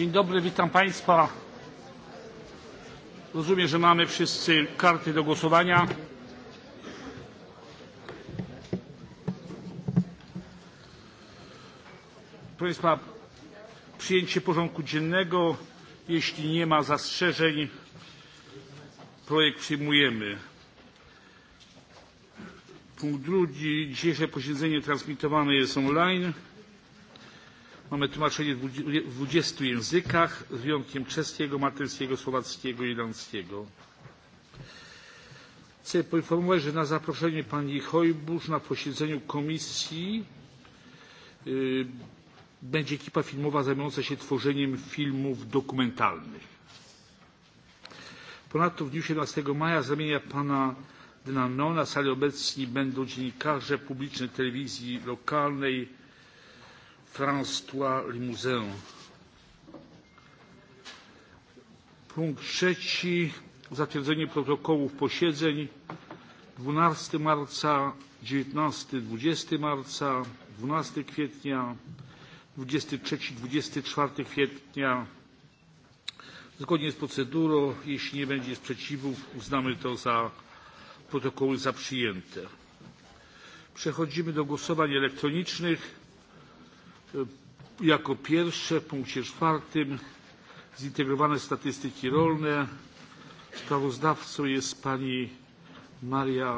Dzień dobry, witam Państwa. Rozumiem, że mamy wszyscy karty do głosowania. Proszę Państwa, przyjęcie porządku dziennego. Jeśli nie ma zastrzeżeń, projekt przyjmujemy. Punkt drugi. Dzisiejsze posiedzenie transmitowane jest online. Mamy tłumaczenie w 20 językach, z wyjątkiem czeskiego, maltańskiego, słowackiego i irlandzkiego. Chcę poinformować, że na zaproszenie pani Hojbusz na posiedzeniu komisji yy, będzie ekipa filmowa zajmująca się tworzeniem filmów dokumentalnych. Ponadto w dniu 17 maja zamienia pana Denano na sali obecni będą dziennikarze publicznej telewizji lokalnej, François Limousin. Punkt trzeci zatwierdzenie protokołów posiedzeń 12 marca, 19, 20 marca, 12 kwietnia, 23, 24 kwietnia. Zgodnie z procedurą, jeśli nie będzie sprzeciwów, uznamy to za protokoły za przyjęte. Przechodzimy do głosowań elektronicznych jako pierwsze w punkcie czwartym zintegrowane statystyki rolne. Sprawozdawcą jest pani Maria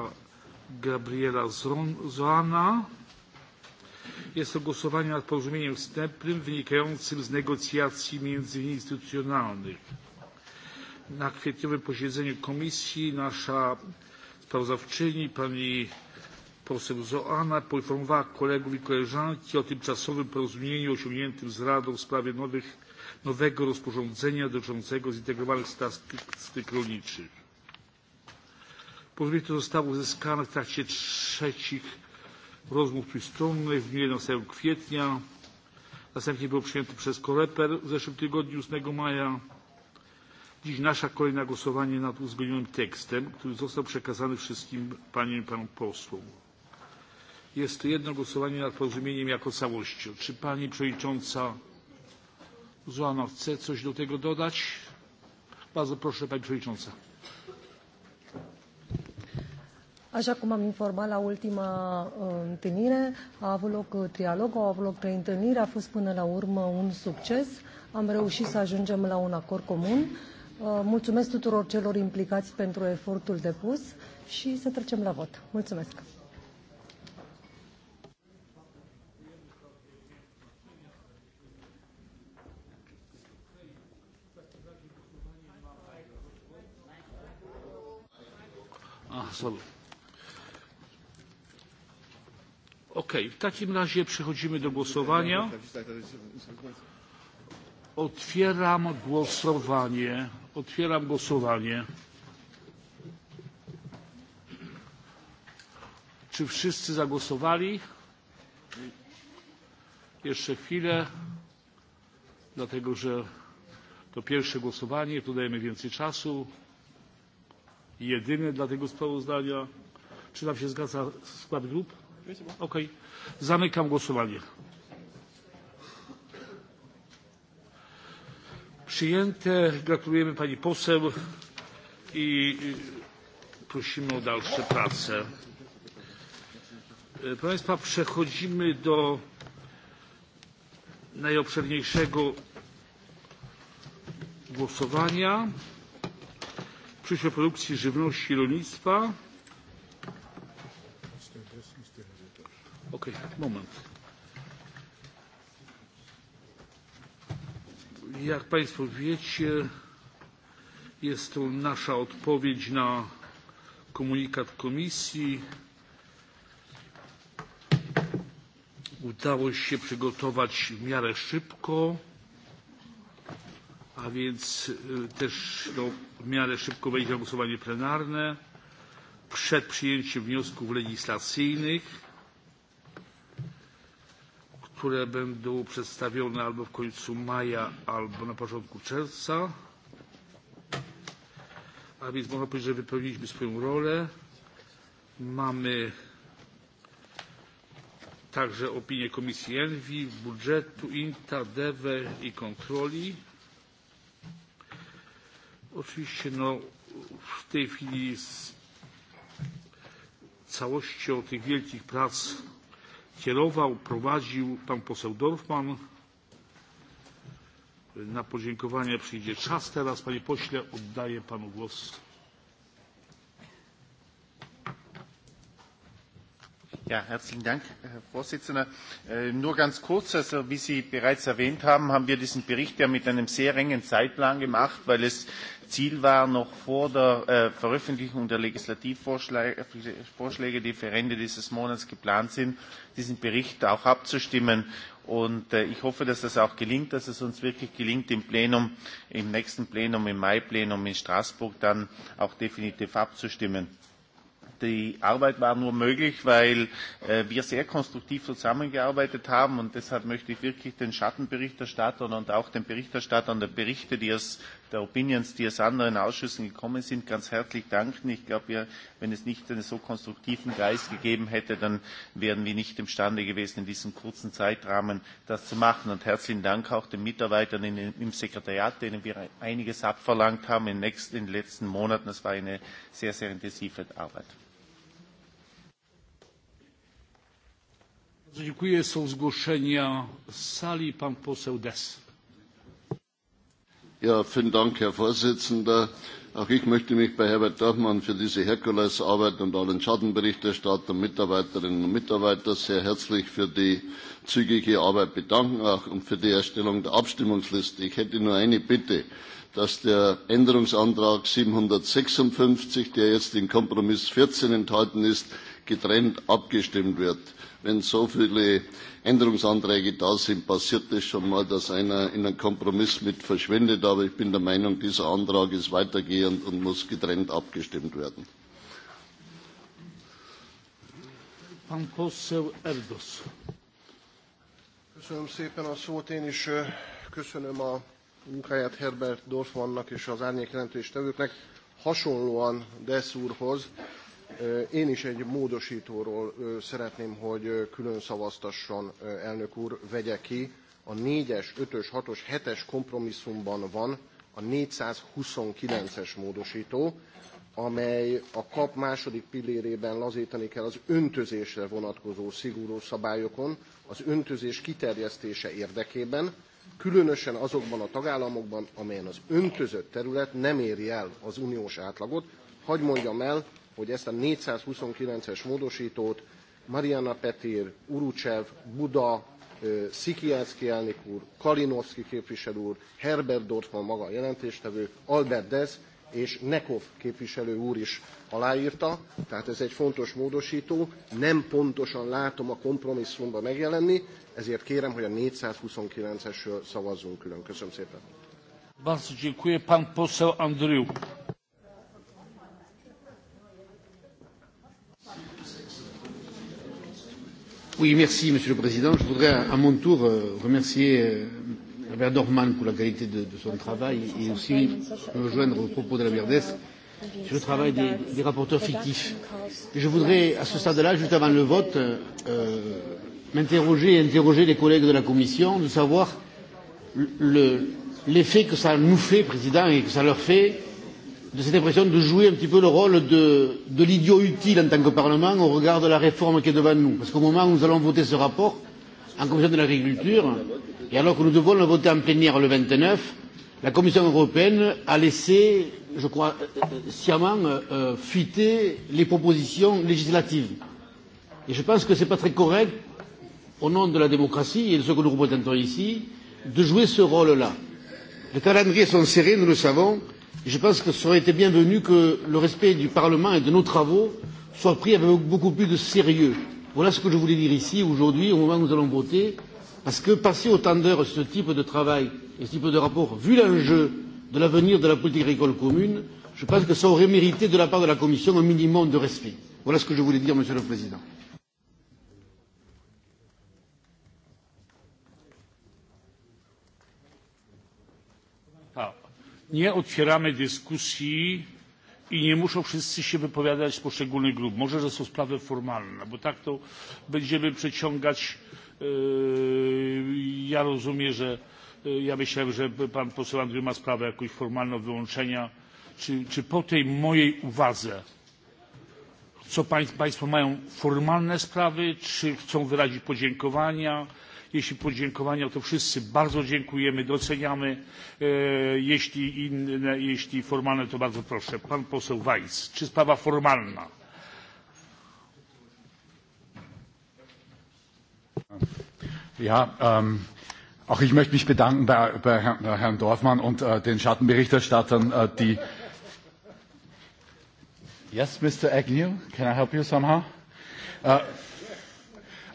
Gabriela Zoana. Jest to głosowanie nad porozumieniem wstępnym wynikającym z negocjacji międzyinstytucjonalnych. Na kwietniowym posiedzeniu komisji nasza sprawozdawczyni pani poseł Zoana poinformowała kolegów i koleżanki o tymczasowym porozumieniu osiągniętym z Radą w sprawie nowych, nowego rozporządzenia dotyczącego zintegrowanych statystyk rolniczych. Porozumienie to zostało uzyskane w trakcie trzecich rozmów trójstronnych w dniu 11 kwietnia. Następnie było przyjęte przez Koreper w zeszłym tygodniu 8 maja. Dziś nasza kolej na głosowanie nad uzgodnionym tekstem, który został przekazany wszystkim paniom i panom posłom. Jest to jedno głosowanie nad porozumieniem jako całością. Czy pani przewodnicząca Złana chce coś do tego dodać? Bardzo proszę pani przewodnicząca. Așa cum am informat la ultima uh, întâlnire, a avut loc uh, trialog, au avut loc trei întâlniri, a fost până la urmă un succes. Am reușit să ajungem la un acord comun. Uh, mulțumesc tuturor celor implicați pentru efortul depus și să trecem la vot. Mulțumesc! Znowu. Ok, w takim razie przechodzimy do głosowania. Otwieram głosowanie. Otwieram głosowanie. Czy wszyscy zagłosowali? Jeszcze chwilę, dlatego że to pierwsze głosowanie, tu dajemy więcej czasu jedyne dla tego sprawozdania. Czy nam się zgadza skład grup? Okej. Okay. Zamykam głosowanie. Przyjęte. Gratulujemy pani poseł i prosimy o dalsze prace. E, proszę Państwa, przechodzimy do najobszerniejszego głosowania przyszłej produkcji żywności i rolnictwa okay, moment. jak państwo wiecie jest to nasza odpowiedź na komunikat komisji. udało się przygotować w miarę szybko a więc też no, w miarę szybko będzie głosowanie plenarne przed przyjęciem wniosków legislacyjnych, które będą przedstawione albo w końcu maja, albo na początku czerwca. A więc można powiedzieć, że wypełniliśmy swoją rolę. Mamy także opinię Komisji Envi, budżetu, INTA, DEWE i kontroli. Oczywiście no, w tej chwili z całością tych wielkich prac kierował, prowadził pan poseł Dorfman. Na podziękowania przyjdzie czas. Teraz, panie pośle, oddaję panu głos. Ja, herzlichen Dank, Herr Vorsitzender. Äh, nur ganz kurz, also wie Sie bereits erwähnt haben, haben wir diesen Bericht ja mit einem sehr engen Zeitplan gemacht, weil es Ziel war, noch vor der äh, Veröffentlichung der Legislativvorschläge, die für Ende dieses Monats geplant sind, diesen Bericht auch abzustimmen. Und äh, ich hoffe, dass das auch gelingt, dass es uns wirklich gelingt, im Plenum, im nächsten Plenum, im Mai-Plenum in Straßburg dann auch definitiv abzustimmen die Arbeit war nur möglich, weil äh, wir sehr konstruktiv zusammengearbeitet haben und deshalb möchte ich wirklich den Schattenberichterstattern und auch den Berichterstattern der Berichte, die es der Opinions, die aus anderen Ausschüssen gekommen sind, ganz herzlich danken. Ich glaube, wir, wenn es nicht einen so konstruktiven Geist gegeben hätte, dann wären wir nicht imstande gewesen, in diesem kurzen Zeitrahmen das zu machen. Und herzlichen Dank auch den Mitarbeitern in, im Sekretariat, denen wir einiges abverlangt haben in, nächst, in den letzten Monaten. Das war eine sehr, sehr intensive Arbeit. Dziękuję. Są zgłoszenia z sali. Pan poseł Des. Ja, vielen Dank, Herr Vorsitzender. Auch ich möchte mich bei Herbert Dorfmann für diese Herkulesarbeit und allen Schattenberichterstattern, Mitarbeiterinnen und Mitarbeitern sehr herzlich für die zügige Arbeit bedanken, auch und um für die Erstellung der Abstimmungsliste. Ich hätte nur eine Bitte, dass der Änderungsantrag 756, der jetzt in Kompromiss 14 enthalten ist, getrennt abgestimmt wird. Wenn so viele Änderungsanträge da sind, passiert es schon mal, dass einer in einen Kompromiss mit verschwindet. Aber ich bin der Meinung, dieser Antrag ist weitergehend und muss getrennt abgestimmt werden. Pan poseł Erdos. Köszönöm szépen a szót. Én is köszönöm a munkáját Herbert Dorfmannak és az árnyék jelentéstevőknek. Hasonlóan Desz úrhoz Én is egy módosítóról szeretném, hogy külön szavaztasson, elnök úr, vegye ki. A 4-es, 5-ös, 6-os, 7-es kompromisszumban van a 429-es módosító, amely a kap második pillérében lazítani kell az öntözésre vonatkozó szigorú szabályokon, az öntözés kiterjesztése érdekében, különösen azokban a tagállamokban, amelyen az öntözött terület nem éri el az uniós átlagot. Hagy mondjam el, hogy ezt a 429-es módosítót Mariana Petir, Urucsev, Buda, Szikielszki elnök úr, Kalinowski képviselő úr, Herbert Dorfman maga a jelentéstevő, Albert Dez és Nekov képviselő úr is aláírta, tehát ez egy fontos módosító, nem pontosan látom a kompromisszumba megjelenni, ezért kérem, hogy a 429-esről szavazzunk külön. Köszönöm szépen. Bardzo dziękuję. Pan poseł Andriuk. Oui, merci, Monsieur le Président. Je voudrais à mon tour euh, remercier Albert euh, Dorman pour la qualité de, de son travail et aussi me joindre aux propos de la Verdès sur le travail des, des rapporteurs fictifs. Je voudrais, à ce stade-là, juste avant le vote, euh, m'interroger et interroger les collègues de la Commission de savoir l'effet le, que ça nous fait, Président, et que ça leur fait euh, de cette impression de jouer un petit peu le rôle de, de l'idiot utile en tant que Parlement au regard de la réforme qui est devant nous. Parce qu'au moment où nous allons voter ce rapport, en commission de l'agriculture, et alors que nous devons le voter en plénière le 29, la Commission européenne a laissé, je crois, euh, euh, sciemment euh, euh, fuiter les propositions législatives. Et je pense que ce n'est pas très correct, au nom de la démocratie et de ce que nous représentons ici, de jouer ce rôle-là. Les calendriers sont serrés, nous le savons, je pense que ça aurait été bienvenu que le respect du Parlement et de nos travaux soit pris avec beaucoup plus de sérieux. Voilà ce que je voulais dire ici aujourd'hui au moment où nous allons voter, parce que passer autant d'heures ce type de travail et ce type de rapport, vu l'enjeu de l'avenir de la politique agricole commune, je pense que ça aurait mérité de la part de la Commission un minimum de respect. Voilà ce que je voulais dire, Monsieur le Président. nie otwieramy dyskusji i nie muszą wszyscy się wypowiadać z poszczególnych grup. może to są sprawy formalne bo tak to będziemy przeciągać ja rozumiem że ja myślałem że pan poseł andrieu ma sprawę jakąś formalną wyłączenia czy, czy po tej mojej uwadze co państwo mają formalne sprawy czy chcą wyrazić podziękowania czy jeśli podziękowania to wszyscy bardzo dziękujemy doceniamy e, jeśli inne jeśli formalne to bardzo proszę pan poseł weiss czy sprawa formalna? Ja, ähm, auch ich möchte mich bedanken bei, bei Herrn, äh, Herrn Dorfmann und äh, den Schattenberichterstattern, äh, die. Yes, Mr. Agnew, can I help you somehow? Uh,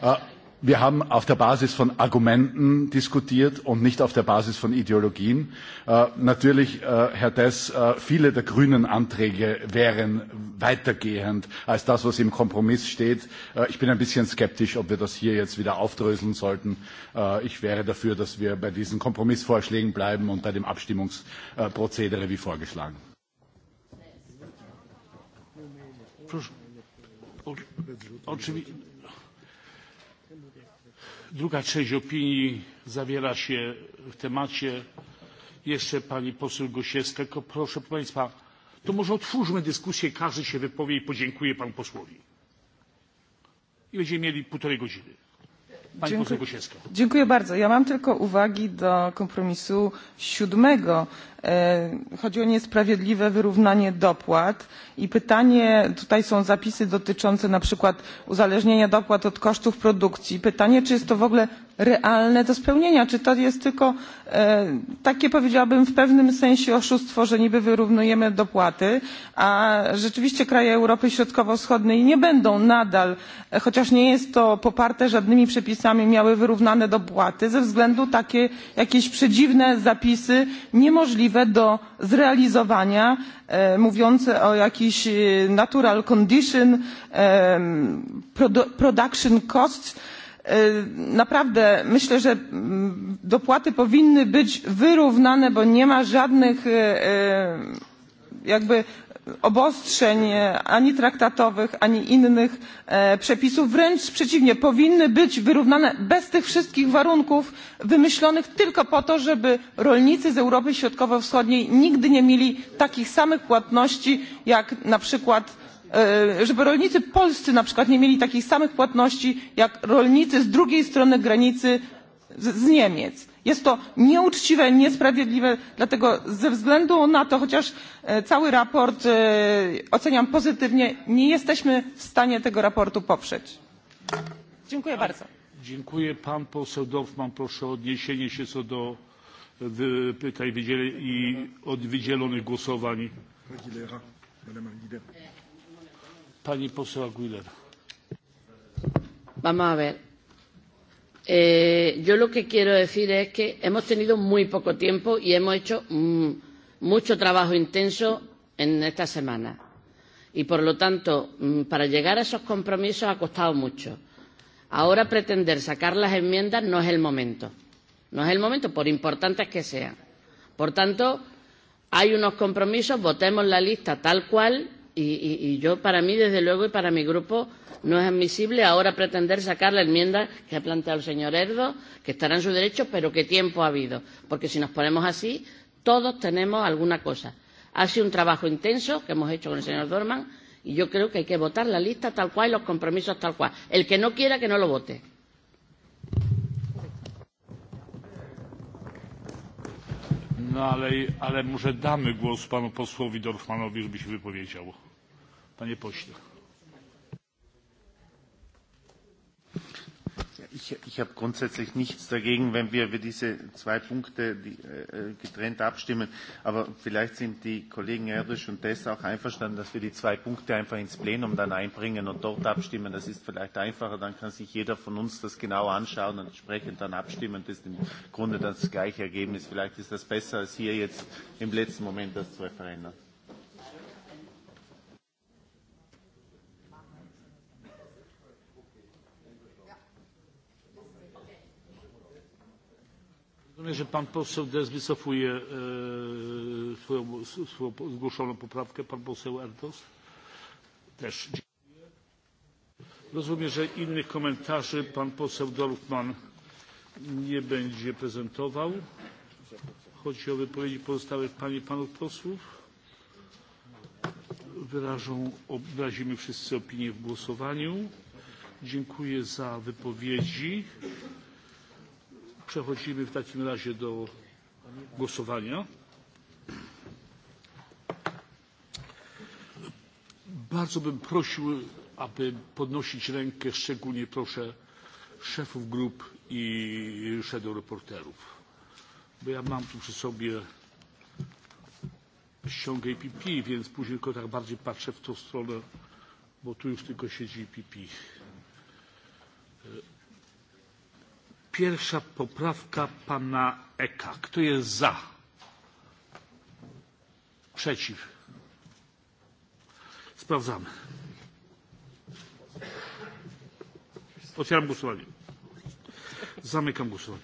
uh, wir haben auf der Basis von Argumenten diskutiert und nicht auf der Basis von Ideologien. Äh, natürlich, äh, Herr Dess, äh, viele der grünen Anträge wären weitergehend als das, was im Kompromiss steht. Äh, ich bin ein bisschen skeptisch, ob wir das hier jetzt wieder aufdröseln sollten. Äh, ich wäre dafür, dass wir bei diesen Kompromissvorschlägen bleiben und bei dem Abstimmungsprozedere äh, wie vorgeschlagen. Proszę. O, oczywiście druga część opinii zawiera się w temacie jeszcze pani poseł gosiewska tylko proszę państwa to może otwórzmy dyskusję każdy się wypowie i podziękuje panu posłowi i będziemy mieli półtorej godziny. Dziękuję, dziękuję bardzo. ja mam tylko uwagi do kompromisu siódmego E, chodzi o niesprawiedliwe wyrównanie dopłat i pytanie tutaj są zapisy dotyczące na przykład uzależnienia dopłat od kosztów produkcji pytanie czy jest to w ogóle realne do spełnienia czy to jest tylko e, takie powiedziałabym w pewnym sensie oszustwo że niby wyrównujemy dopłaty a rzeczywiście kraje europy środkowo wschodniej nie będą nadal e, chociaż nie jest to poparte żadnymi przepisami miały wyrównane dopłaty ze względu na takie jakieś przedziwne zapisy niemożliwe możliwe do zrealizowania e, mówiące o jakichś e, natural condition e, production costs naprawdę myślę że dopłaty powinny być wyrównane bo nie ma żadnych jakby obostrzeń e, ani traktatowych ani innych e, przepisów wręcz przeciwnie powinny być wyrównane bez tych wszystkich warunków wymyślonych tylko po to żeby rolnicy z europy środkowo wschodniej nigdy nie mieli takich samych płatności jak na przykład e, żeby rolnicy polscy na przykład nie mieli takich samych płatności jak rolnicy z drugiej strony granicy z niemiec jest to nieuczciwe niesprawiedliwe dlatego ze względu na to chociaż e, całe sprawozdanie oceniam pozytywnie nie jesteśmy w stanie tego sprawozdania poprzeć. dziękuję bardzo. dziękuję. pan poseł dorfmann proszę o odniesienie się co do e, pytań i od wydzielonych głosowań. pani poseł aguilera. vamos a ver Eh, yo lo que quiero decir es que hemos tenido muy poco tiempo y hemos hecho mm, mucho trabajo intenso en esta semana. Y por lo tanto, mm, para llegar a esos compromisos ha costado mucho. Ahora pretender sacar las enmiendas no es el momento. No es el momento, por importantes que sean. Por tanto, hay unos compromisos, votemos la lista tal cual y, y, y yo, para mí, desde luego, y para mi grupo, No es admisible ahora pretender sacar la enmienda que ha planteado el señor Erdo, que estará en su derecho, pero que tiempo ha habido. Porque si nos ponemos así, todos tenemos alguna cosa. Ha sido un trabajo intenso que hemos hecho con el señor Dorman y yo creo que hay que votar la lista tal cual y los compromisos tal cual. El que no quiera, que no lo vote. No, ale, ale może damy głos panu posłowi Dorfmanowi, żeby się wypowiedział. Panie pośle. Ich, ich habe grundsätzlich nichts dagegen, wenn wir über diese zwei Punkte die, äh, äh, getrennt abstimmen. Aber vielleicht sind die Kollegen Erdrich und Dess auch einverstanden, dass wir die zwei Punkte einfach ins Plenum dann einbringen und dort abstimmen. Das ist vielleicht einfacher. Dann kann sich jeder von uns das genau anschauen und entsprechend dann abstimmen. Das ist im Grunde das gleiche Ergebnis. Vielleicht ist das besser, als hier jetzt im letzten Moment das zu verändern. Rozumiem, że pan poseł Des wycofuje e, swoją, swoją zgłoszoną poprawkę. Pan poseł Erdos też. Rozumiem, że innych komentarzy pan poseł Dorfman nie będzie prezentował. Chodzi o wypowiedzi pozostałych pań i panów posłów. Wyrażą, wyrazimy wszyscy opinię w głosowaniu. Dziękuję za wypowiedzi. Przechodzimy w takim razie do głosowania. Bardzo bym prosił, aby podnosić rękę, szczególnie proszę szefów grup i shadow reporterów. Bo ja mam tu przy sobie ściągę EPP, więc później tylko tak bardziej patrzę w tą stronę, bo tu już tylko siedzi EPP. Pierwsza poprawka pana Eka. Kto jest za? Przeciw. Sprawdzamy. Otwieram głosowanie. Zamykam głosowanie.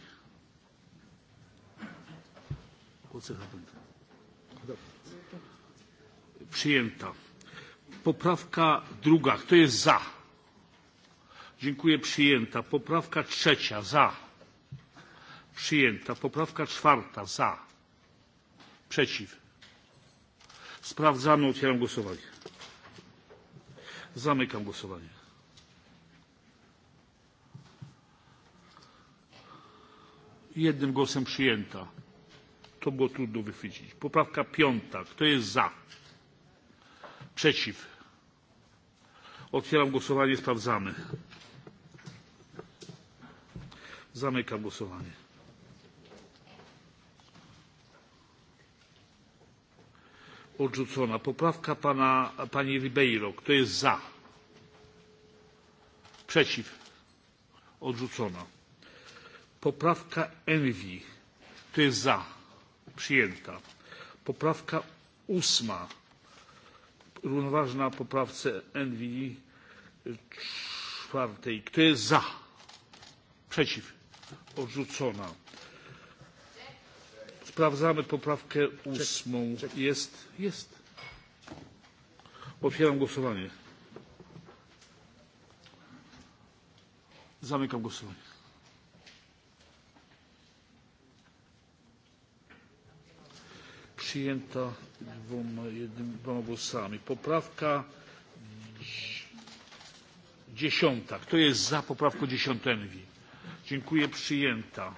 Przyjęta. Poprawka druga. Kto jest za? Dziękuję. Przyjęta. Poprawka trzecia. Za. Przyjęta. Poprawka czwarta. Za. Przeciw. Sprawdzamy. Otwieram głosowanie. Zamykam głosowanie. Jednym głosem przyjęta. To było trudno wychwycić. Poprawka piąta. Kto jest za? Przeciw. Otwieram głosowanie. Sprawdzamy. Zamykam głosowanie. Odrzucona. Poprawka pana, pani Ribeiro. Kto jest za? Przeciw. Odrzucona. Poprawka Envi. Kto jest za? Przyjęta. Poprawka ósma. Równoważna poprawce Envi czwartej. Kto jest za? Przeciw odrzucona. Sprawdzamy poprawkę ósmą. Jest? Jest. Otwieram głosowanie. Zamykam głosowanie. Przyjęta dwoma, jednym, dwoma głosami. Poprawka dziesiąta. Kto jest za poprawką dziesiątą Envi? Dziękuję. Przyjęta.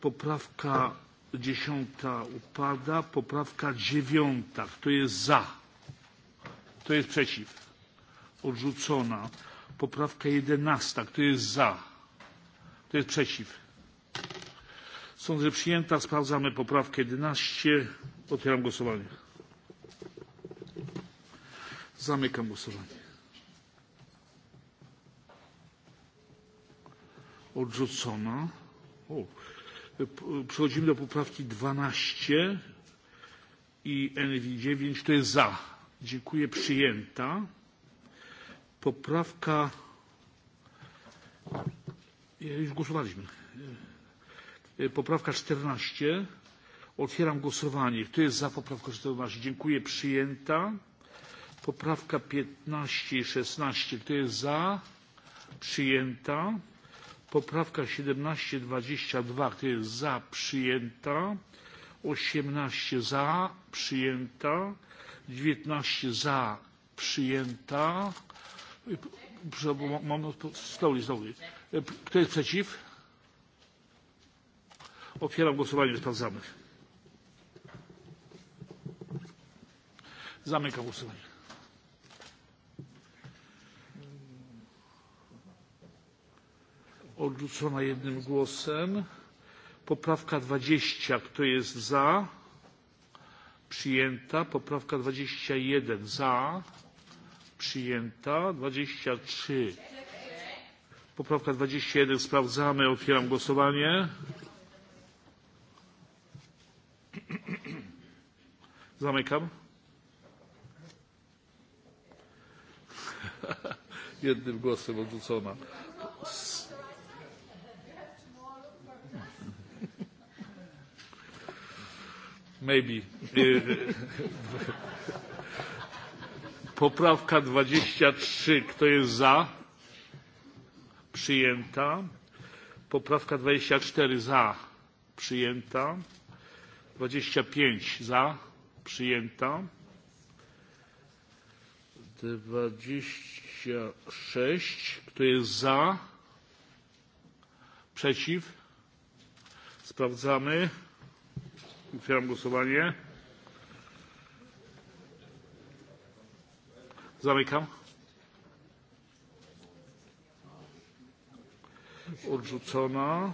Poprawka dziesiąta upada. Poprawka dziewiąta. Kto jest za? Kto jest przeciw? Odrzucona. Poprawka jedenasta. Kto jest za? Kto jest przeciw? Sądzę, że przyjęta. Sprawdzamy poprawkę 11. Otwieram głosowanie. Zamykam głosowanie. odrzucona. O. Przechodzimy do poprawki 12 i NW 9. Kto jest za? Dziękuję. Przyjęta. Poprawka. E, już głosowaliśmy. E, poprawka 14. Otwieram głosowanie. Kto jest za poprawką 14? Dziękuję. Przyjęta. Poprawka 15 i 16. Kto jest za? Przyjęta poprawka siedemnaście dwadzieścia dwa kto jest za przyjęta osiemnaście za przyjęta dziewiętnaście za przyjęta mam slowly slowly kto jest przeciw otwieram głosowanie sprawdzamy zamykam głosowanie odrzucona jednym głosem. Poprawka 20. Kto jest za? Przyjęta. Poprawka 21. Za. Przyjęta. 23. Poprawka 21. Sprawdzamy. Otwieram głosowanie. Zamykam. Jednym głosem odrzucona. maybe. Poprawka 23. Kto jest za? Przyjęta. Poprawka 24 za. Przyjęta. 25 za. Przyjęta. 26. Kto jest za? Przeciw? Sprawdzamy. Otwieram głosowanie. Zamykam. Odrzucona.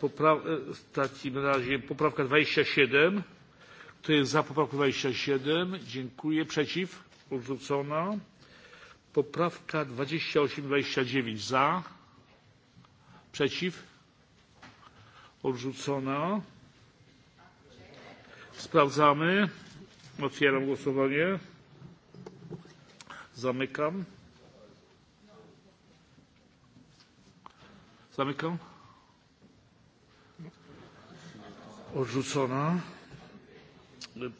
Popraw e, w takim razie poprawka 27. Kto jest za poprawką 27? Dziękuję. Przeciw? Odrzucona. Poprawka 28, 29 za. Przeciw? Odrzucona. Sprawdzamy. Otwieram głosowanie. Zamykam. Zamykam. Odrzucona.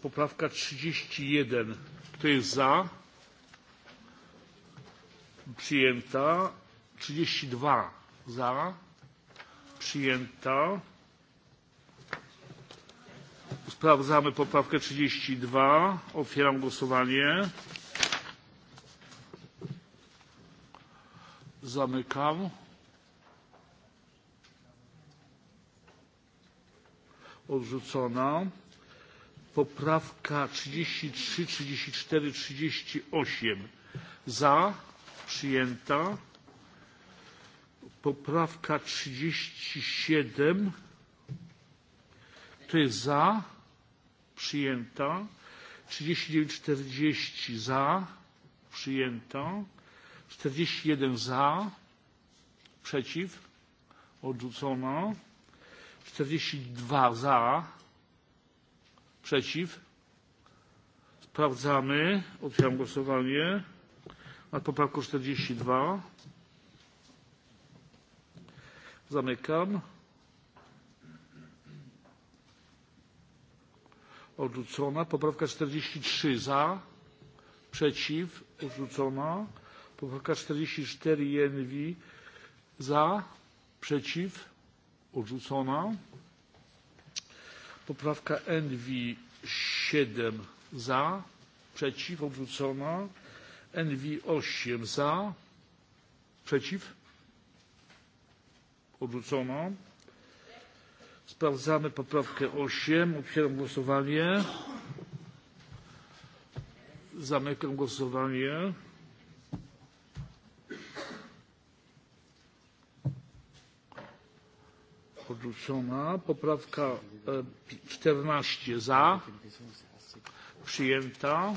Poprawka 31. Kto jest za? Przyjęta. 32 za. Przyjęta. Sprawdzamy poprawkę 32. Otwieram głosowanie. Zamykam. Odrzucona. Poprawka 33, 34, 38. Za. Przyjęta. Poprawka 37. Kto jest za? przyjęta. 39,40 za, przyjęta. 41 za, przeciw, odrzucona. 42 za, przeciw. Sprawdzamy. Otwieram głosowanie nad poprawką 42. Zamykam. odrzucona poprawka czterdzieści trzy za przeciw odrzucona poprawka czterdzieści cztery i envi za przeciw odrzucona poprawka envi siedem za przeciw odrzucona envi osiem za przeciw odrzucona Sprawdzamy poprawkę 8. Otwieram głosowanie. Zamykam głosowanie. Odrzucona. Poprawka 14 e, za. Przyjęta.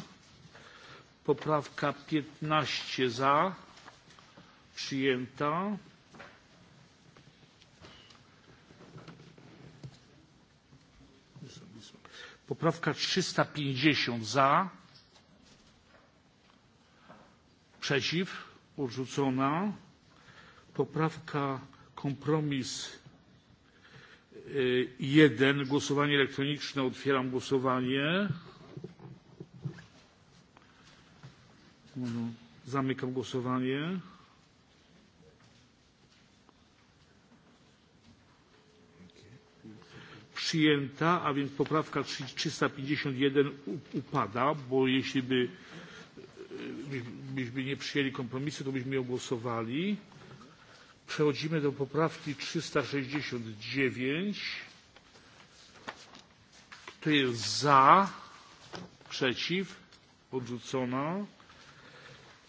Poprawka 15 za. Przyjęta. Poprawka 350 za, przeciw, odrzucona. Poprawka kompromis 1, głosowanie elektroniczne, otwieram głosowanie. Zamykam głosowanie. przyjęta, a więc poprawka 351 upada, bo jeśli by, e, byśmy nie przyjęli kompromisu, to byśmy ją głosowali. Przechodzimy do poprawki 369. Kto jest za? Przeciw? Odrzucona.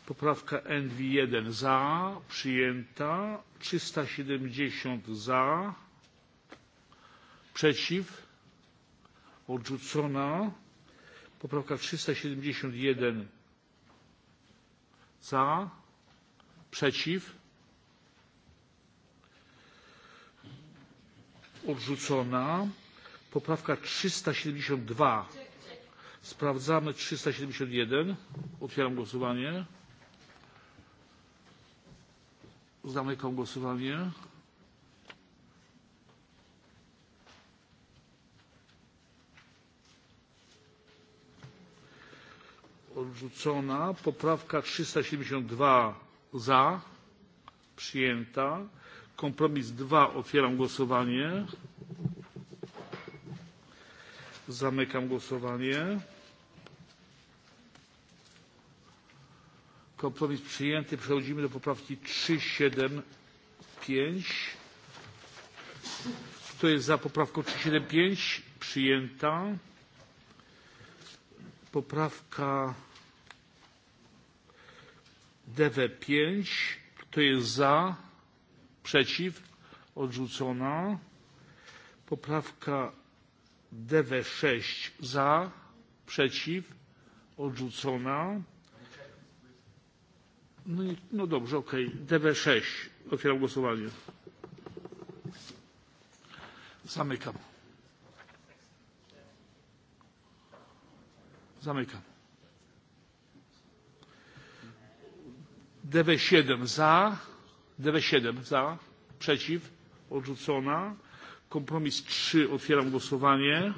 Poprawka NW1 za, przyjęta. 370 za, przeciw odrzucona poprawka trzysta siedemdziesiąt jeden za przeciw odrzucona poprawka trzysta siedemdziesiąt dwa sprawdzamy trzysta siedemdziesiąt jeden otwieram głosowanie zamykam głosowanie odrzucona. Poprawka 372 za, przyjęta. Kompromis 2, otwieram głosowanie. Zamykam głosowanie. Kompromis przyjęty. Przechodzimy do poprawki 375. Kto jest za poprawką 375? Przyjęta. Poprawka DW5. Kto jest za? Przeciw? Odrzucona. Poprawka DW6 za, przeciw, odrzucona. No, i, no dobrze, okej. Okay. DW6. Otwieram głosowanie. Zamykam. Zamykam. DW7 za, DW7 za, przeciw, odrzucona. Kompromis 3, otwieram głosowanie.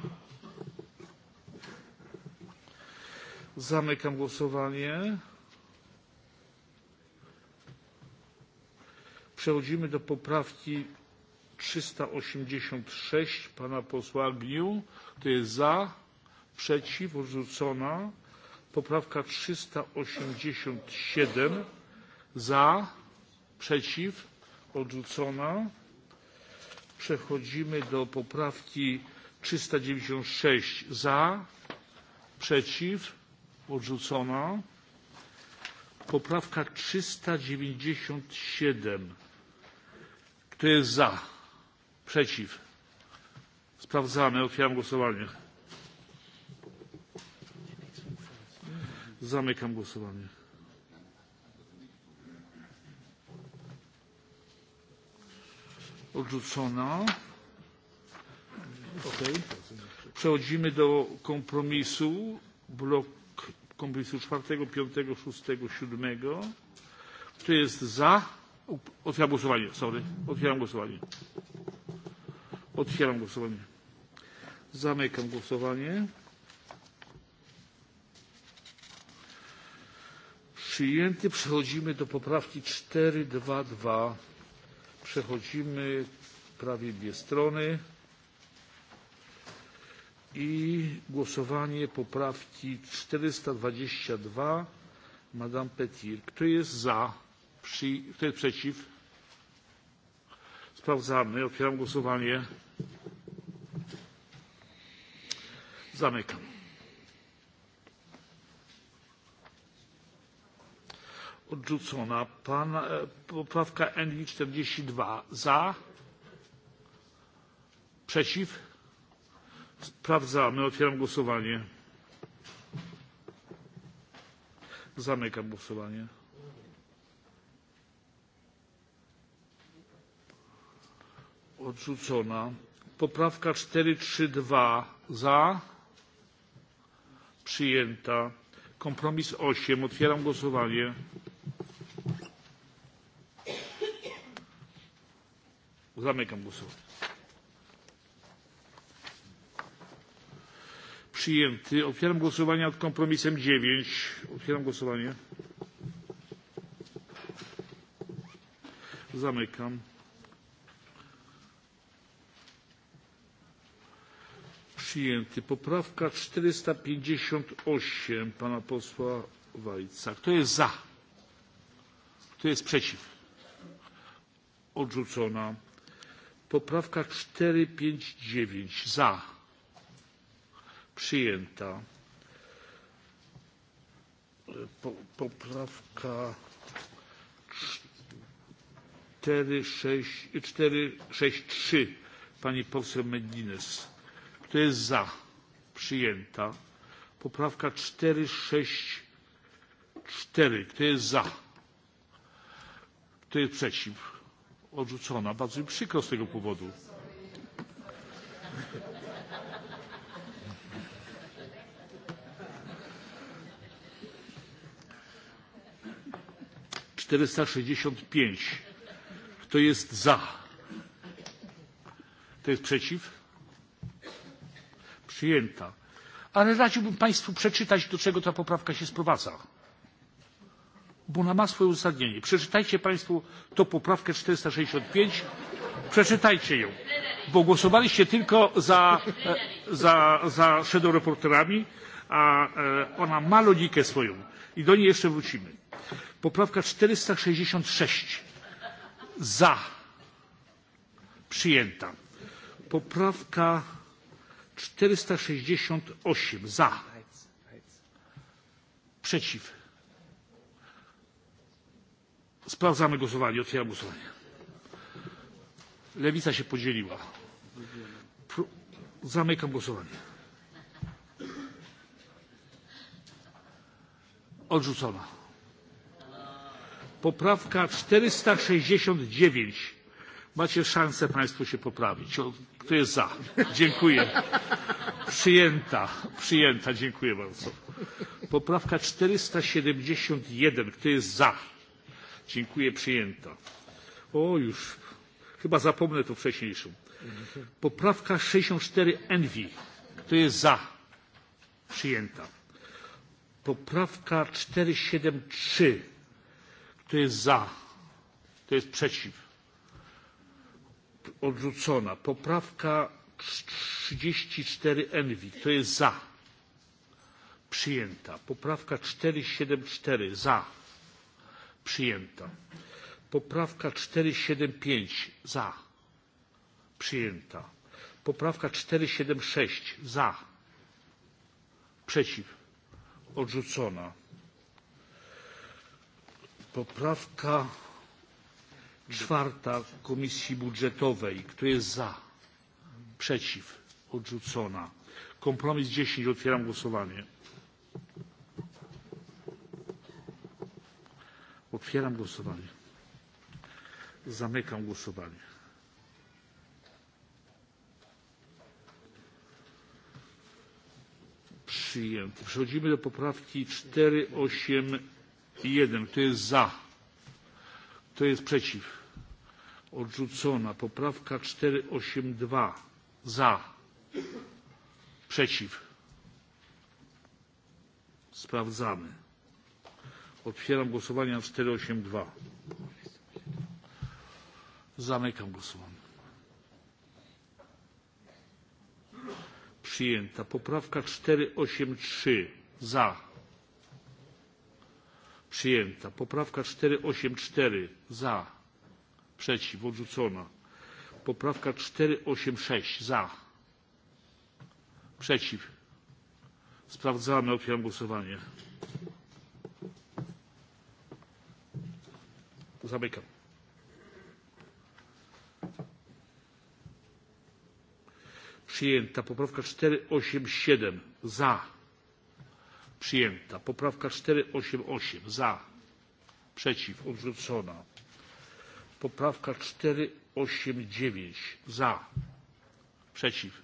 Zamykam głosowanie. Przechodzimy do poprawki 386 pana posła Agniu. Kto jest za? Przeciw? Odrzucona. Poprawka 387 za przeciw odrzucona przechodzimy do poprawki trzysta dziewięćdzisiąt sześć za przeciw odrzucona poprawka trzysta dziewięćdzisiąt siedem kto jest za przeciw sprawdzamy otwieram głosowanie zamykam głosowanie odrzucona. Okay. Przechodzimy do kompromisu, blok kompromisu czwartego, piątego, szóstego, siódmego. Kto jest za? Otwieram głosowanie, sorry. Otwieram głosowanie. Otwieram głosowanie. Zamykam głosowanie. Przyjęty. Przechodzimy do poprawki 422 przechodzimy prawie dwie strony i głosowanie poprawki czterysta dwadzieścia dwa madame petir kto jest za Przy... kto jest przeciw sprawdzamy otwieram głosowanie zamykam odrzucona. Pan, e, poprawka NI 42 za, przeciw. Sprawdzamy. Otwieram głosowanie. Zamykam głosowanie. Odrzucona. Poprawka 432 za. Przyjęta. Kompromis 8. Otwieram głosowanie. Głos Zamykam głosowanie. Przyjęty. Otwieram głosowanie nad kompromisem 9. Otwieram głosowanie. Zamykam. Przyjęty. Poprawka 458 pana posła Wajca. Kto jest za? Kto jest przeciw? Odrzucona Poprawka 459 za. Przyjęta. Po, poprawka 463 pani poseł Medines. Kto jest za? Przyjęta. Poprawka 464. Kto jest za? Kto jest przeciw? odrzucona. Bardzo mi przykro z tego powodu. czterysta sześćdziesiąt pięć kto jest za kto jest przeciw przyjęta ale radziłbym państwu przeczytać do czego ta poprawka się sprowadza bo ona ma swoje uzasadnienie. przeczytajcie państwo tę poprawkę czterysta sześćdziesiąt pięć przeczytajcie ją bo głosowaliście tylko za, e, za, za shadow reporterami a e, ona ma logikę swoją i do niej jeszcze wrócimy. poprawka czterysta sześćdziesiąt sześć za przyjęta. poprawka czterysta sześćdziesiąt osiem za przeciw Sprawdzamy głosowanie. Otwieram głosowanie. Lewica się podzieliła. Zamykam głosowanie. Odrzucona. Poprawka 469. Macie szansę Państwo się poprawić. Kto jest za? Dziękuję. Przyjęta. Przyjęta. Dziękuję bardzo. Poprawka 471. Kto jest za? Dziękuję, przyjęta. O, już chyba zapomnę tą wcześniejszą. Poprawka 64 Envi. Kto jest za? Przyjęta. Poprawka 473. Kto jest za? Kto jest przeciw? Odrzucona. Poprawka 34 Envi. Kto jest za? Przyjęta. Poprawka 474. Za Przyjęta. Poprawka 475 za. Przyjęta. Poprawka 476 za. Przeciw. Odrzucona. Poprawka czwarta Komisji Budżetowej. Kto jest za? Przeciw. Odrzucona. Kompromis 10. Otwieram głosowanie. Otwieram głosowanie. Zamykam głosowanie. Przyjęty. Przechodzimy do poprawki 481. Kto jest za? Kto jest przeciw? Odrzucona. Poprawka 482. Za. Przeciw. Sprawdzamy. Otwieram głosowanie nad 482. Zamykam głosowanie. Przyjęta. Poprawka 483. Za. Przyjęta. Poprawka 484. Za. Przeciw. Odrzucona. Poprawka 486. Za. Przeciw. Sprawdzamy. Otwieram głosowanie. Zamykam. Przyjęta. Poprawka 487. Za. Przyjęta. Poprawka 488. Za. Przeciw. Odrzucona. Poprawka 489. Za. Przeciw.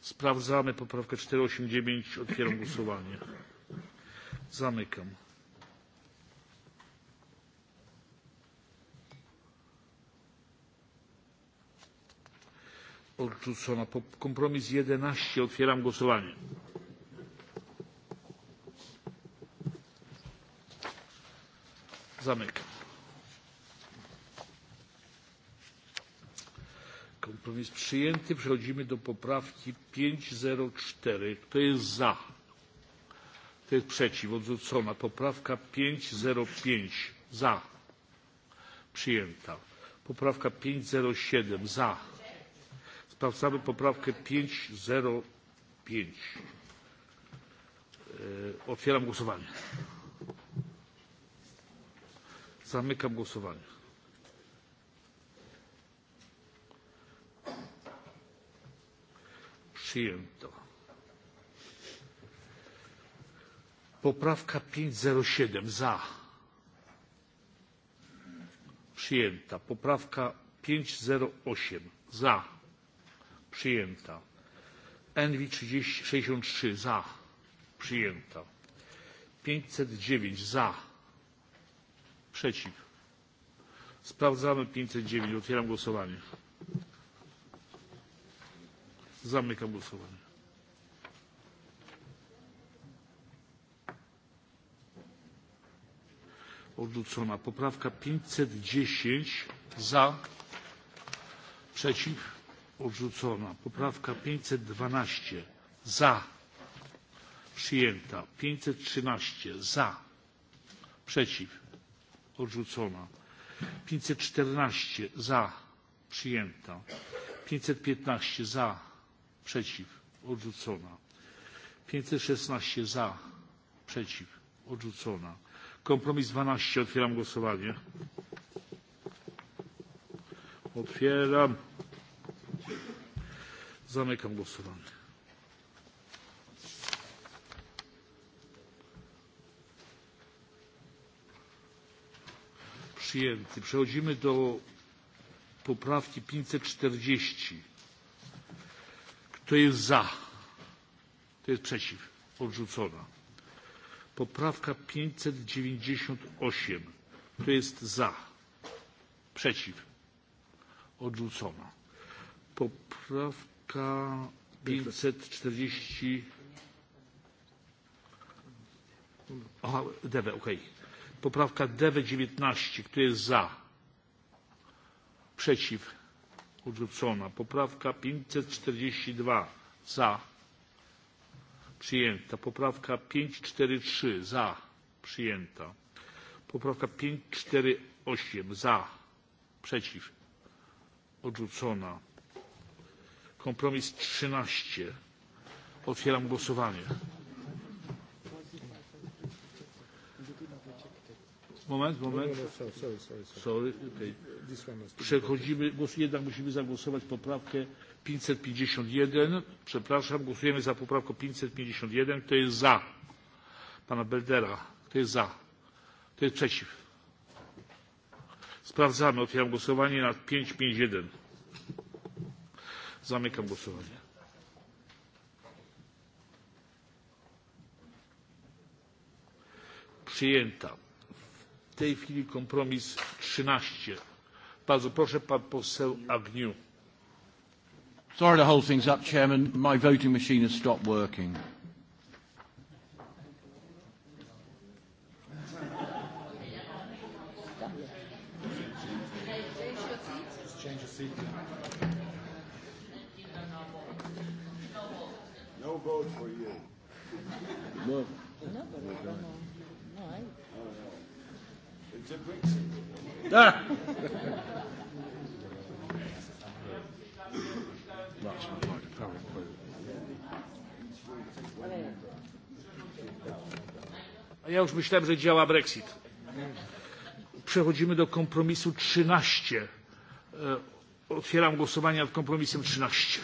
Sprawdzamy poprawkę 489. Otwieram głosowanie. Zamykam. odrzucona. kompromis jedenaście otwieram głosowanie. zamykam. kompromis przyjęty. przechodzimy do poprawki pięć zero cztery kto jest za? kto jest przeciw? odrzucona. poprawka pięć zero pięć za przyjęta. poprawka pięć zero siedem za Sprawdzamy poprawkę 505. E, otwieram głosowanie. Zamykam głosowanie. Przyjęto. Poprawka 507 za. Przyjęta. Poprawka 508 za przyjęta. Envi 30, 63 za, przyjęta. 509 za, przeciw. Sprawdzamy 509. Otwieram głosowanie. Zamykam głosowanie. Odrzucona. Poprawka 510 za, przeciw odrzucona. Poprawka 512 za. Przyjęta. 513 za. Przeciw. Odrzucona. 514 za. Przyjęta. 515 za. Przeciw. Odrzucona. 516 za. Przeciw. Odrzucona. Kompromis 12. Otwieram głosowanie. Otwieram. Zamykam głosowanie. Przyjęty. Przechodzimy do poprawki 540. Kto jest za? Kto jest przeciw? Odrzucona. Poprawka 598. Kto jest za? Przeciw? Odrzucona. Poprawka poprawka pięćset czterdzieści aha deve okej poprawka deve dziewiętnaście kto jest za przeciw odrzucona poprawka pięćset czterdzieści dwa za przyjęta poprawka pięć cztery trzy za przyjęta poprawka pięć cztery osiem za przeciw odrzucona kompromis trzynaście otwieram głosowanie. Moment, moment. Sorry, okay. Przechodzimy, głos, jednak musimy zagłosować poprawkę 551. Przepraszam, głosujemy za poprawką 551. Kto jest za? Pana Beldera. Kto jest za? Kto jest przeciw? Sprawdzamy. Otwieram głosowanie nad 551. Zamykam głosowanie. Przyjęta. W tej chwili kompromis 13. Bardzo proszę, pan poseł Agniu. Sorry to hold things up, Chairman. My voting machine has stopped working. Change your seat. vote for you. No. No, but I don't know. No, I... It's a quick Ah! That's not like a current A ja już myślałem, że działa Brexit. Przechodzimy do kompromisu 13. E, otwieram głosowanie nad kompromisem 13.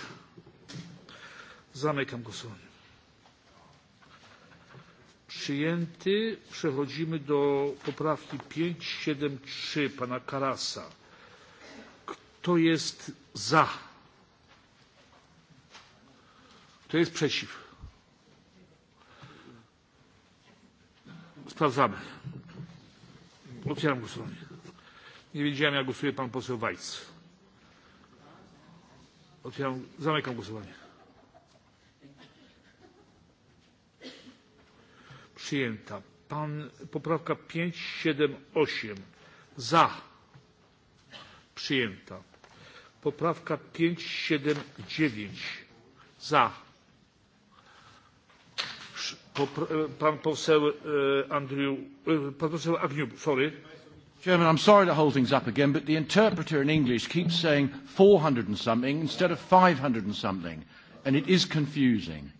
Zamykam głosowanie. Przyjęty. Przechodzimy do poprawki 573 pana Karasa. Kto jest za? Kto jest przeciw? Sprawdzamy. Otwieram głosowanie. Nie wiedziałem, jak głosuje pan poseł Wajc. Otwieram, zamykam głosowanie. przyjęta. Pan, poprawka 5, 7, 8. Za. Przyjęta. Poprawka 5, 7, 9. Za. Popra e, pan poseł uh, e, Andrew, uh, pan poseł Agniub, sorry. Chairman, I'm sorry to hold things up again, but the interpreter in English keeps saying 400 and something instead of 500 and something, and it is confusing.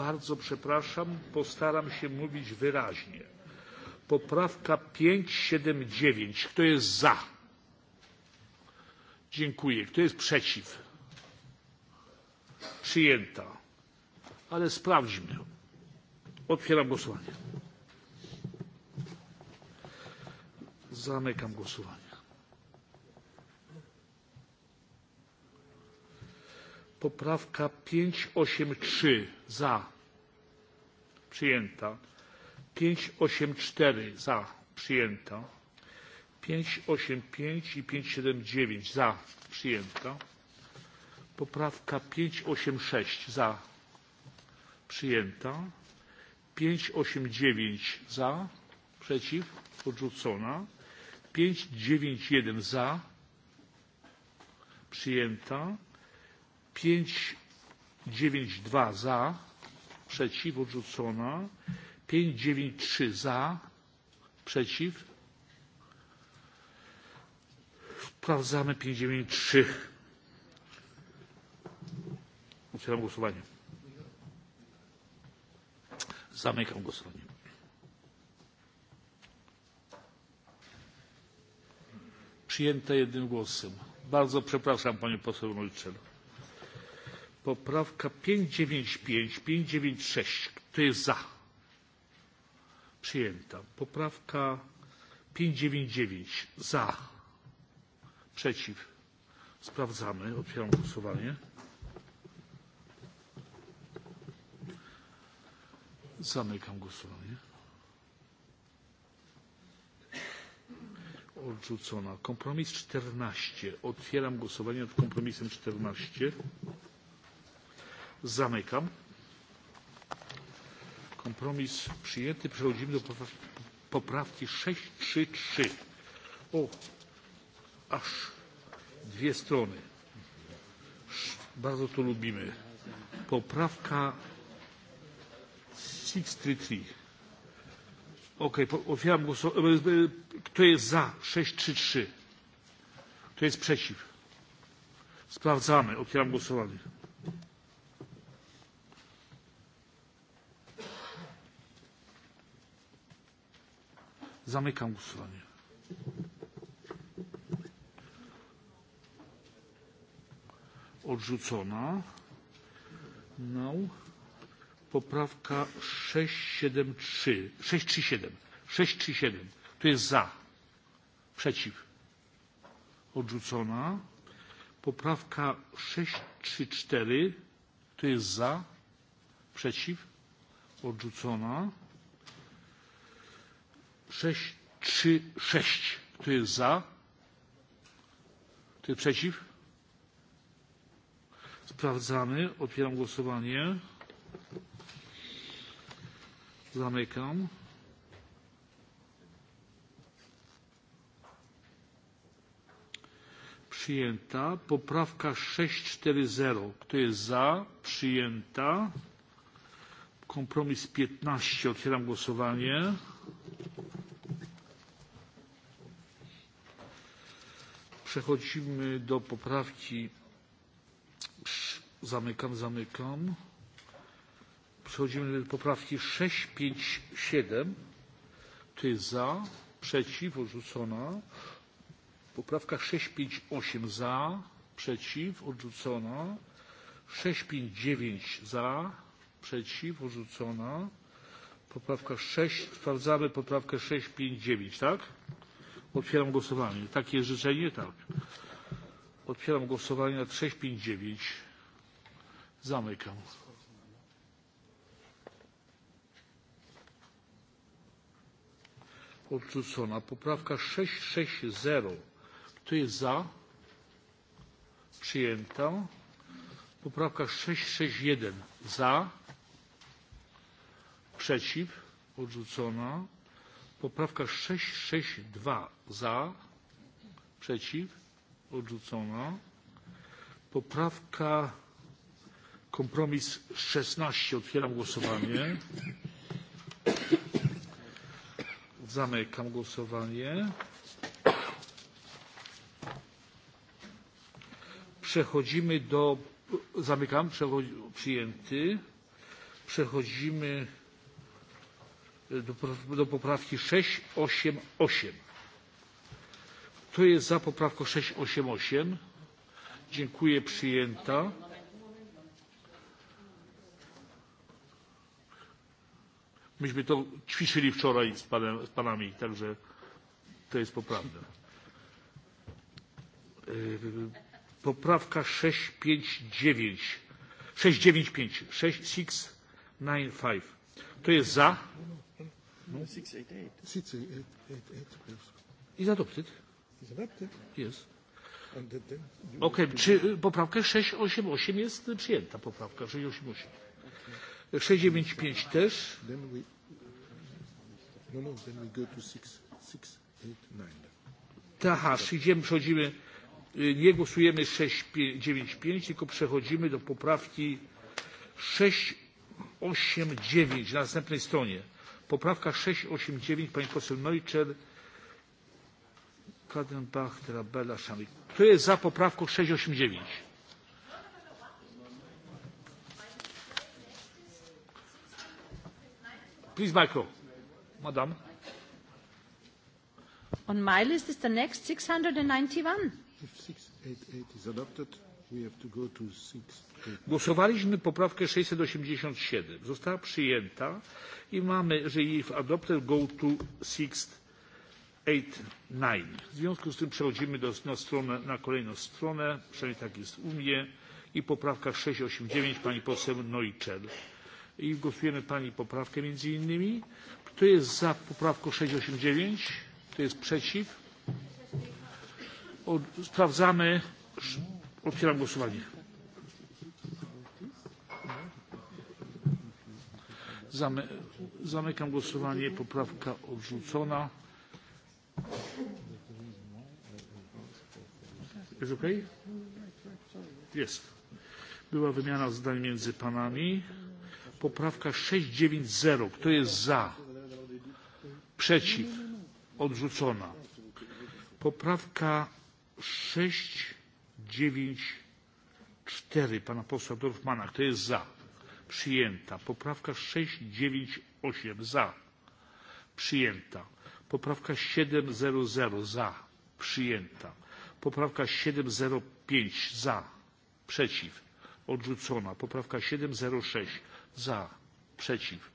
bardzo przepraszam postaram się mówić wyraźnie poprawka pięć siedem dziewięć kto jest za? dziękuję kto jest przeciw? przyjęta ale sprawdźmy otwieram głosowanie zamykam głosowanie poprawka pięć osiem trzy za przyjęta pięć osiem cztery za przyjęta pięć osiem pięć i pięć siedem dziewięć za przyjęta poprawka pięć osiem sześć za przyjęta pięć osiem dziewięć za przeciw odrzucona pięć dziewięć jeden za przyjęta pięć dziewięć dwa za przeciw odrzucona pięć dziewięć trzy za przeciw sprawdzamy pięć dziewięć trzy otwieram głosowanie zamykam głosowanie przyjęte jednym głosem bardzo przepraszam panią poseł neuscher. Poprawka 595, 596. Kto jest za? Przyjęta. Poprawka 599. Za. Przeciw. Sprawdzamy. Otwieram głosowanie. Zamykam głosowanie. Odrzucona. Kompromis 14. Otwieram głosowanie nad kompromisem 14. Zamykam. Kompromis przyjęty. Przechodzimy do poprawki 633. O, aż dwie strony. Bardzo to lubimy. Poprawka 633. Ok, otwieram głosowanie. E, kto jest za 633? Kto jest przeciw? Sprawdzamy. Otwieram głosowanie. Zamykam głosowanie. Odrzucona. No. Poprawka 673. 637. 637. To jest za. Przeciw. Odrzucona. Poprawka 634. To jest za. Przeciw. Odrzucona sześć trzy sześć kto jest za kto jest przeciw sprawdzamy otwieram głosowanie zamykam przyjęta poprawka sześć cztery zero kto jest za przyjęta kompromis piętnaście otwieram głosowanie zamykam Przechodzimy do poprawki. Zamykam, zamykam. Przechodzimy do poprawki 657. Kto jest za? Przeciw? Odrzucona. Poprawka 658 za, przeciw, odrzucona. 659 za, przeciw, odrzucona. Poprawka 6, sprawdzamy poprawkę 659, tak? Otwieram głosowanie. Takie jest życzenie? Tak. Otwieram głosowanie nad 659. Zamykam. Odrzucona. Poprawka 660. Kto jest za? Przyjęta. Poprawka 661. Za. Przeciw. Odrzucona Poprawka 662 za, przeciw, odrzucona. Poprawka kompromis 16. Otwieram głosowanie. Zamykam głosowanie. Przechodzimy do. Zamykam. Przechodzi, przyjęty. Przechodzimy do, do poprawki 688. Kto jest za poprawką 688? Dziękuję, przyjęta. Myśmy to ćwiczyli wczoraj z, panem, z panami, także to jest poprawne. E, poprawka 659. 695. 6695. Kto jest za? No, 688. 688. Is adopted. Is adopted. Yes. Okej, okay, czy poprawka 688 jest przyjęta? Poprawka 688. Okay. 695 też. Then we, no, no, then we go to 689. Aha, idziemy, przechodzimy, nie głosujemy 695, tylko przechodzimy do poprawki 689 na następnej stronie poprawkach sześć osiem dziewięć pani poseł noichl kadenbach tarabella szanowni kto jest za poprawką sześć osiem dziewięć please micro madam on my list is the next 691 if 688 is adopted Głosowaliśmy poprawkę 687. Została przyjęta i mamy, że jej adopted go to 689. W związku z tym przechodzimy do, na, stronę, na kolejną stronę, przynajmniej tak jest u mnie, i poprawka 689 pani poseł Neuchel. I głosujemy pani poprawkę między innymi. Kto jest za poprawką 689? Kto jest przeciw? O, sprawdzamy. Hmm. Otwieram głosowanie. Zamy, zamykam głosowanie. Poprawka odrzucona. Jest ok? Jest. Była wymiana zdań między panami. Poprawka 690. Kto jest za? Przeciw? Odrzucona. Poprawka 6 dziewięć cztery pana posła dorfmanna kto jest za? przyjęta. poprawka sześć dziewięć osiem za przyjęta. poprawka siedem zero zero za przyjęta. poprawka siedem zero pięć za przeciw odrzucona. poprawka siedem zero sześć za przeciw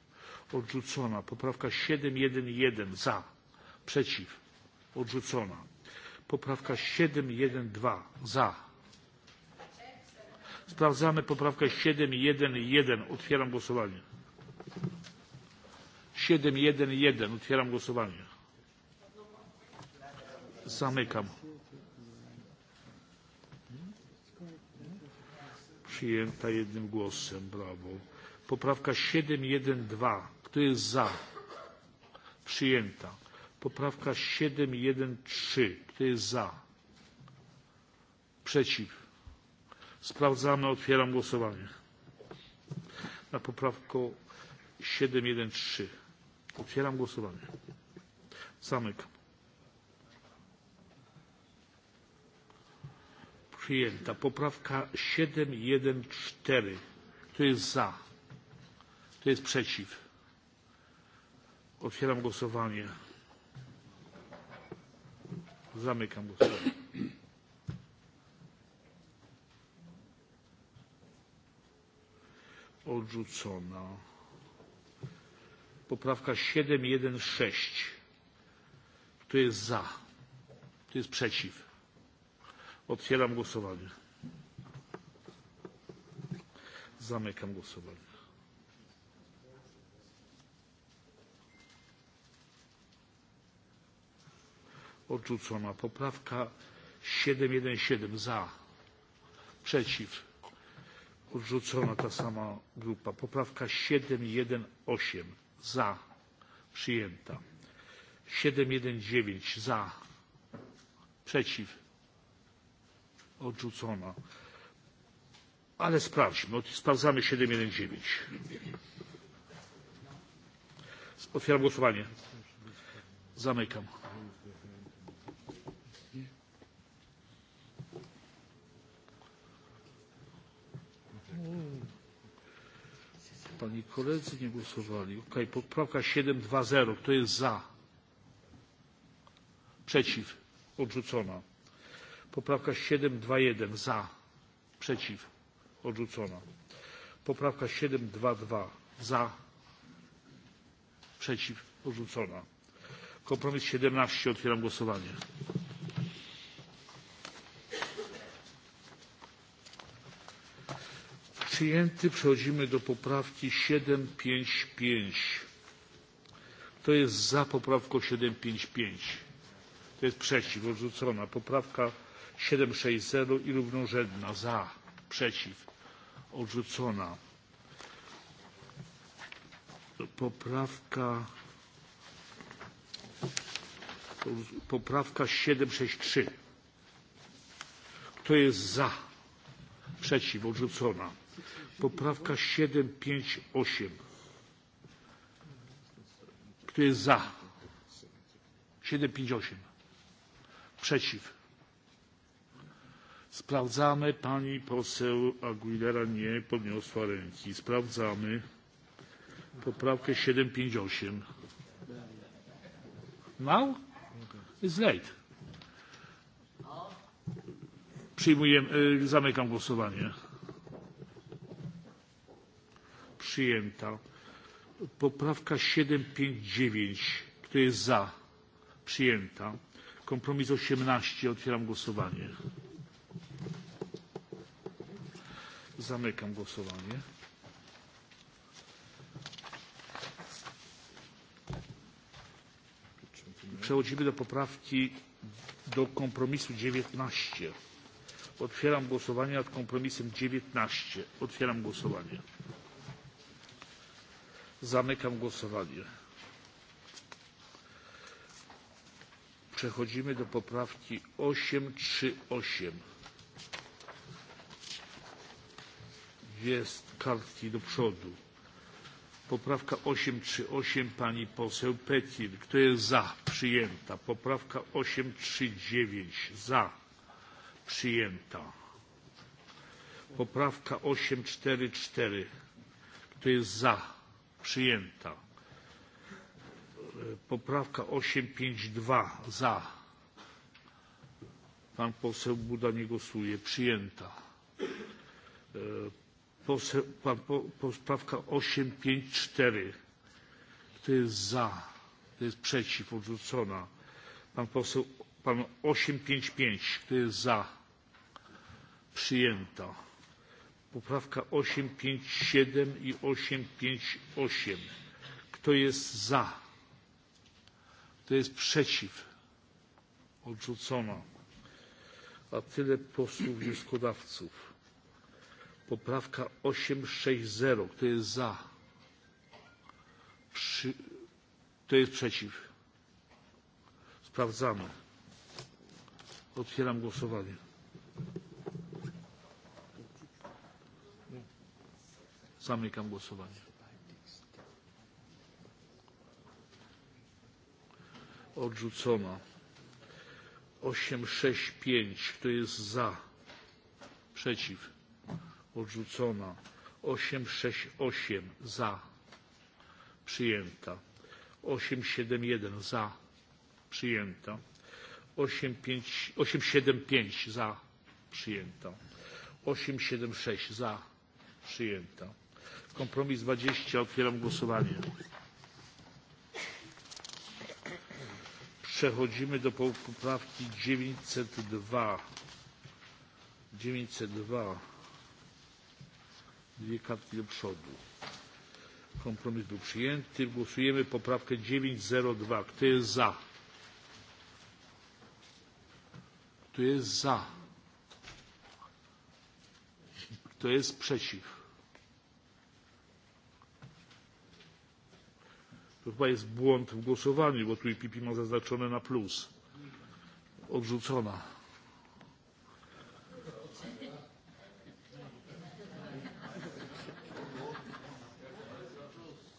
odrzucona. poprawka siedem jeden jeden za przeciw odrzucona poprawka siedem jeden dwa za sprawdzamy poprawkę siedem jeden jeden otwieram głosowanie siedem jeden jeden otwieram głosowanie zamykam przyjęta jednym głosem brawo poprawka siedem jeden dwa kto jest za przyjęta poprawka siedem jeden trzy kto jest za? przeciw? sprawdzamy otwieram głosowanie nad poprawką siedem jeden trzy otwieram głosowanie zamykam przyjęta poprawka siedem jeden cztery kto jest za? kto jest przeciw? otwieram głosowanie Zamykam głosowanie. Odrzucona. Poprawka 716. Kto jest za? Kto jest przeciw? Otwieram głosowanie. Zamykam głosowanie. Odrzucona. Poprawka 717 za. Przeciw. Odrzucona ta sama grupa. Poprawka 718 za. Przyjęta. 719 za. Przeciw. Odrzucona. Ale sprawdźmy. Sprawdzamy 719. Otwieram głosowanie. Zamykam. Pani koledzy nie głosowali. Ok, poprawka 720. Kto jest za? Przeciw. Odrzucona. Poprawka 721. Za. Przeciw. Odrzucona. Poprawka 722. Za. Przeciw. Odrzucona. Kompromis 17. Otwieram głosowanie. przyjęty. Przechodzimy do poprawki 755. Kto jest za poprawką 755? Kto jest przeciw? Odrzucona. Poprawka 760 i równorzędna. Za. Przeciw. Odrzucona. Poprawka poprawka 763. Kto jest za? Przeciw. Odrzucona Poprawka 758. Kto jest za? 758. Przeciw. Sprawdzamy. Pani poseł Aguilera nie podniosła ręki. Sprawdzamy. Poprawkę 758. Now? It's late. Przyjmuję, zamykam głosowanie. Przyjęta. Poprawka 759. Kto jest za? Przyjęta. Kompromis 18. Otwieram głosowanie. Zamykam głosowanie. Przechodzimy do poprawki do kompromisu 19. Otwieram głosowanie nad kompromisem 19. Otwieram głosowanie. Zamykam głosowanie. Przechodzimy do poprawki 838. Jest kartki do przodu. Poprawka 838 pani poseł Petir. Kto jest za? Przyjęta. Poprawka 839 za. Przyjęta. Poprawka 844. Kto jest za? przyjęta. Poprawka 852 za. Pan poseł Buda nie głosuje. Przyjęta. Poseł, pan, po, poprawka 854. Kto jest za? Kto jest przeciw? Odrzucona. Pan poseł pan 855. Kto jest za? Przyjęta Poprawka 857 i 858. Kto jest za? Kto jest przeciw? Odrzucona. A tyle posłów wnioskodawców. Poprawka 860. Kto jest za? Przy... Kto jest przeciw? Sprawdzamy. Otwieram głosowanie. Zamykam głosowanie. Odrzucono. 865. Kto jest za? Przeciw. Odrzucona. 868. Za. Przyjęta. 871. Za. Przyjęta. 85, 875. Za. Przyjęta. 876. Za. Przyjęta Kompromis 20. Otwieram głosowanie. Przechodzimy do poprawki 902. 902. Dwie kartki do przodu. Kompromis był przyjęty. Głosujemy poprawkę 902. Kto jest za? Kto jest za? Kto jest przeciw? To chyba jest błąd w głosowaniu, bo tu IPP ma zaznaczone na plus. Odrzucona.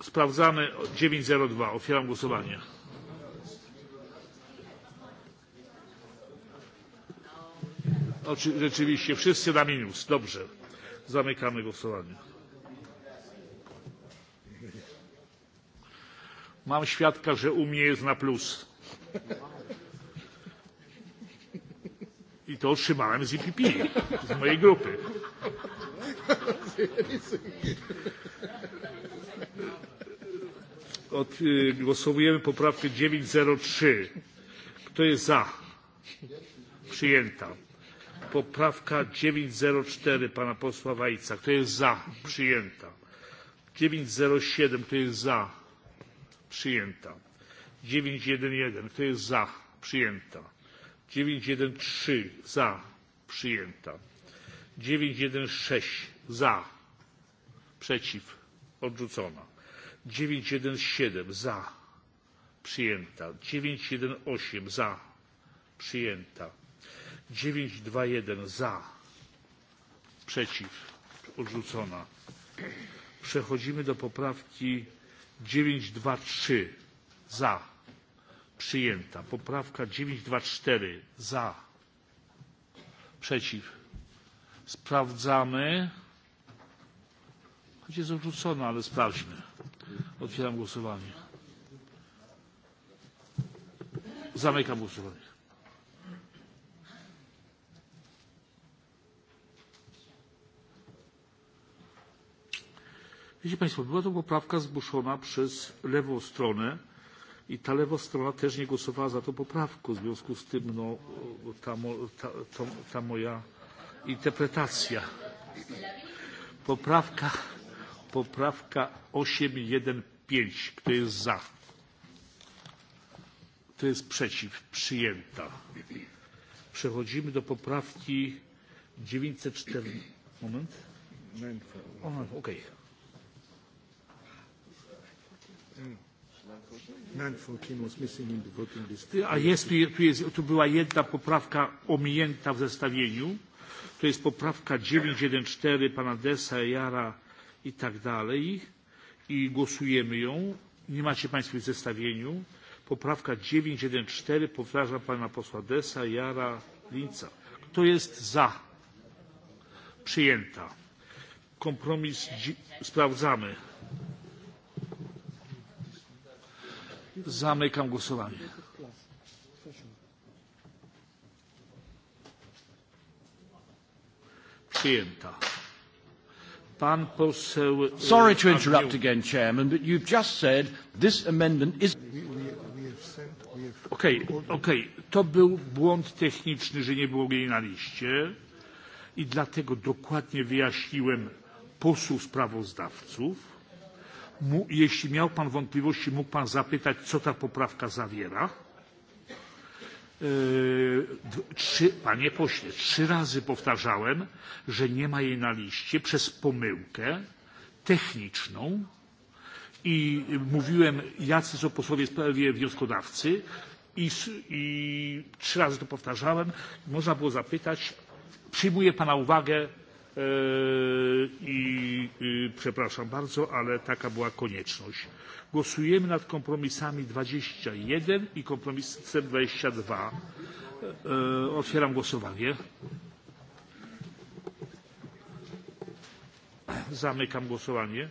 Sprawdzamy 902. Otwieram głosowanie. Oczy, rzeczywiście, wszyscy na minus. Dobrze. Zamykamy głosowanie. Mam świadka, że u mnie jest na plus. I to otrzymałem z IPP, z mojej grupy. Od, y, głosujemy poprawkę 903. Kto jest za? Przyjęta. Poprawka 904 pana posła Wajca. Kto jest za? Przyjęta. 907. Kto jest za? Przyjęta. 911. Kto jest za? Przyjęta. 913. Za. Przyjęta. 916. Za. Przeciw. Odrzucona. 917. Za. Przyjęta. 918. Za. Przyjęta. 921. Za. Przeciw. Odrzucona. Przechodzimy do poprawki dziewięć dwa trzy za przyjęta poprawka dziewięć dwa cztery za przeciw sprawdzamy choć jest odrzucona ale sprawdźmy otwieram głosowanie zamykam głosowanie Wiecie Państwo, była to poprawka zgłoszona przez lewą stronę i ta lewa strona też nie głosowała za tą poprawką. W związku z tym no, ta, ta, ta, ta moja interpretacja. Poprawka, poprawka 815. Kto jest za? Kto jest przeciw? Przyjęta. Przechodzimy do poprawki 904. Moment. Ona, okej. Okay. A jest, tu, jest, tu była jedna poprawka ominięta w zestawieniu. To jest poprawka 914 pana Dessa, Jara i tak dalej. I głosujemy ją. Nie macie Państwo w zestawieniu. Poprawka 914, powtarzam pana posła Dessa, Jara, Linca. Kto jest za? Przyjęta. Kompromis sprawdzamy. Zamykam głosowanie. Przyjęta. Pan poseł... Sorry to interrupt again, Chairman, but you've just said this amendment is... Okej, okay, okej. Okay. To był błąd techniczny, że nie było jej na liście i dlatego dokładnie wyjaśniłem posłów sprawozdawców jeśli miał pan wątpliwości mógł pan zapytać co ta poprawka zawiera. Yy, trzy, panie pośle trzy razy powtarzałem że nie ma jej na liście przez pomyłkę techniczną i mówiłem jacy są posłowie wnioskodawcy i, i trzy razy to powtarzałem można było zapytać przyjmuję pana uwagę E, i przepraszam bardzo ale taka była konieczność. głosujemy nad kompromisami dwadzieścia jeden i kompromisem. dwadzieścia dwa e, e, otwieram głosowanie. zamykam głosowanie.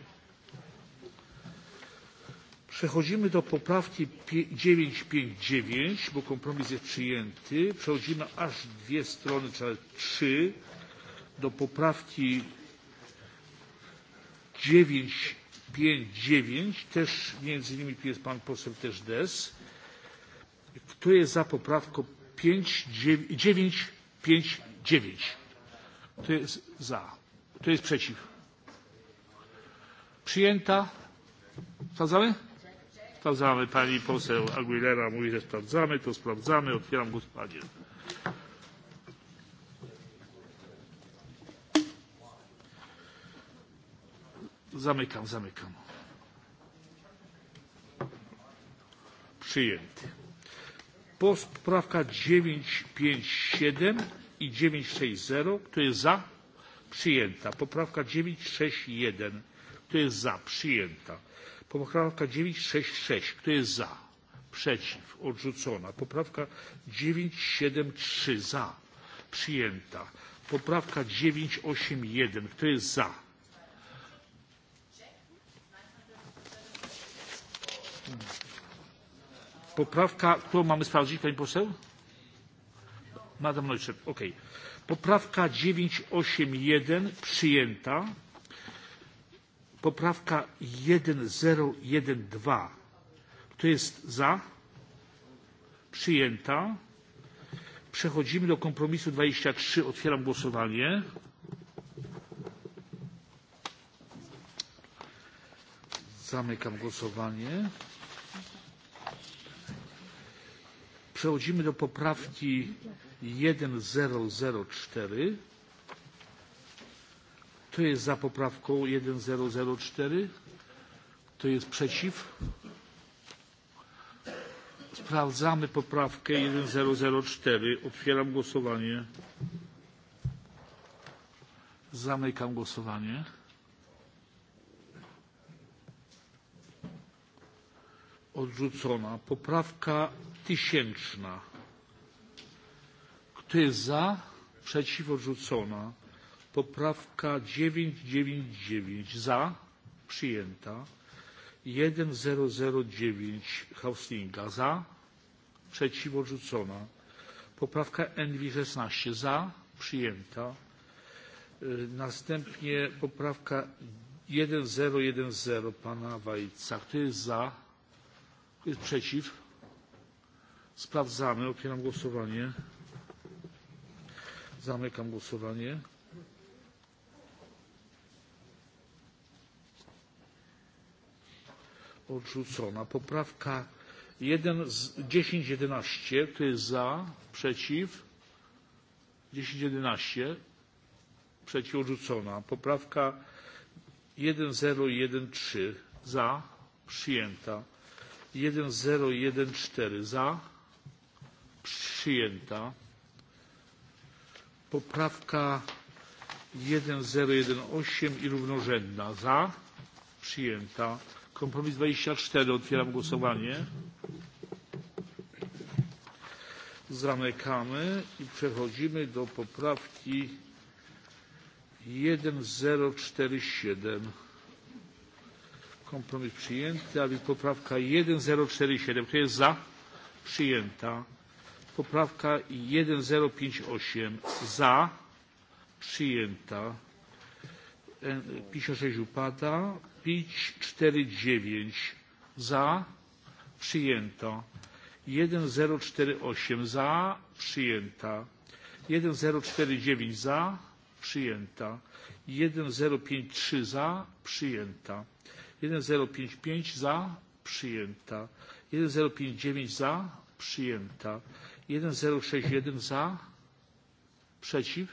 przechodzimy do poprawki dziewięć pięć dziewięć bo kompromis jest przyjęty. przechodzimy aż dwie strony trzy do poprawki 959, też między innymi tu jest pan poseł też Des. Kto jest za poprawką 959? Kto jest za? Kto jest przeciw? Przyjęta. Sprawdzamy? Sprawdzamy. Pani poseł Aguilera mówi, że sprawdzamy. To sprawdzamy. Otwieram głosowanie. Zamykam, zamykam. Przyjęty. Poprawka 957 i 960. Kto jest za? Przyjęta. Poprawka 961. Kto jest za? Przyjęta. Poprawka 966. Kto jest za? Przeciw. Odrzucona. Poprawka 973. Za. Przyjęta. Poprawka 981. Kto jest za? Poprawka, którą mamy sprawdzić, pani poseł? Madam Neuschel, ok. Poprawka 981 przyjęta. Poprawka 1012. Kto jest za? Przyjęta. Przechodzimy do kompromisu 23. Otwieram głosowanie. Zamykam głosowanie. Przechodzimy do poprawki 1004. Kto jest za poprawką 1004? Kto jest przeciw? Sprawdzamy poprawkę 1004. Otwieram głosowanie. Zamykam głosowanie. odrzucona. Poprawka tysięczna. Kto jest za? Przeciw odrzucona. Poprawka 999 za przyjęta. 1009 Hauslinga za. Przeciw odrzucona. Poprawka NW 16 za przyjęta. Następnie poprawka 1010 pana Wajca. Kto jest za? Kto jest przeciw? Sprawdzamy. Otwieram głosowanie. Zamykam głosowanie. Odrzucona. Poprawka 1 z 10, 11. Kto jest za? Przeciw? 10, 11. Przeciw odrzucona. Poprawka 1, 0 i 1, 3. Za? Przyjęta 1014 za. Przyjęta. Poprawka 1018 i równorzędna za. Przyjęta. Kompromis 24. Otwieram głosowanie. Zamykamy i przechodzimy do poprawki 1047. Kompromis przyjęty, a więc poprawka 1047. Kto jest za? Przyjęta. Poprawka 1058. Za. Przyjęta. 56 upada. 549. Za. Przyjęto. 1048 za, przyjęta. 1049 za, przyjęta. 1053 za, przyjęta. 1055 za, przyjęta. 1059 za, przyjęta. 1061 za, przeciw.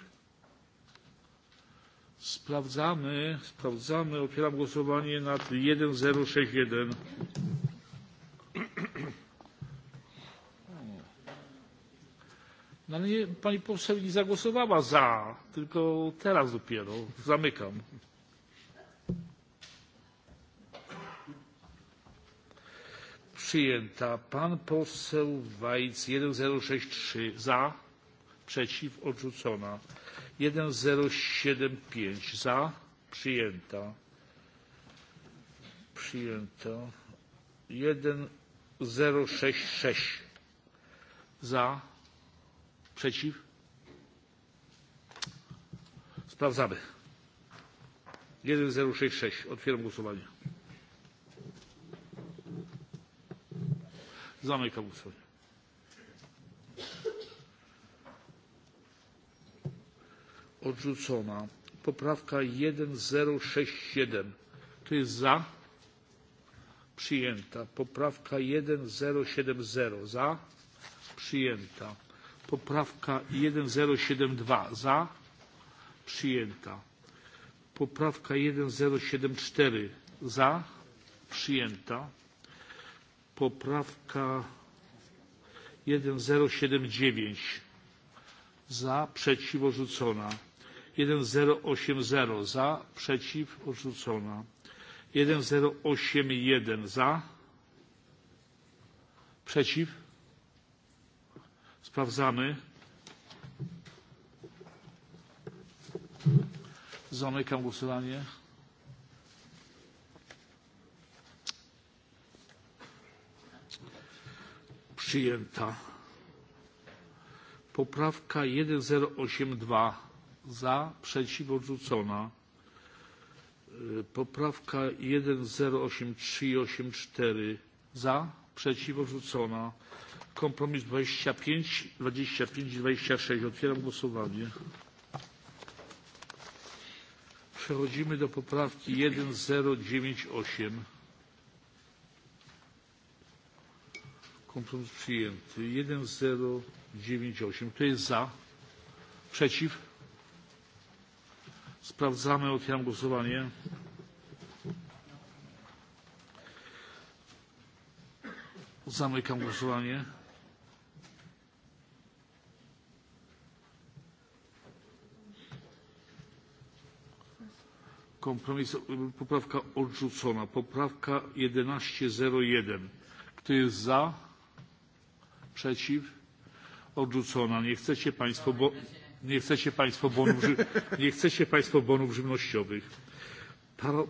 Sprawdzamy, sprawdzamy. Otwieram głosowanie nad 1061. No ale nie, pani poseł nie zagłosowała za, tylko teraz dopiero. Zamykam. przyjęta. Pan poseł Wajc 1063 za, przeciw, odrzucona. 1075 za, przyjęta. Przyjęta. 1066 za, przeciw. Sprawdzamy. 1066. Otwieram głosowanie. Zamykam głosowanie. Odrzucona. Poprawka 1067. Kto jest za? Przyjęta. Poprawka 1070. Za? Przyjęta. Poprawka 1072. Za? Przyjęta. Poprawka 1074. Za? Przyjęta poprawka jeden zero siedem dziewięć za przeciw odrzucona jeden zero osiem zero za przeciw odrzucona jeden zero osiem jeden za przeciw sprawdzamy zamykam głosowanie przyjęta. Poprawka 1082 za, przeciw, odrzucona. Poprawka 1083 i 84 za, przeciw, odrzucona. Kompromis 25, 25 i 26. Otwieram głosowanie. Przechodzimy do poprawki 1098. Kompromis przyjęty. 1098. Kto jest za? Przeciw? Sprawdzamy. Otwieram głosowanie. Zamykam głosowanie. Kompromis, poprawka odrzucona. Poprawka 1101. Kto jest za? Przeciw? Odrzucona. Nie chcecie Państwo, bo, nie chcecie państwo, bonów, nie chcecie państwo bonów żywnościowych.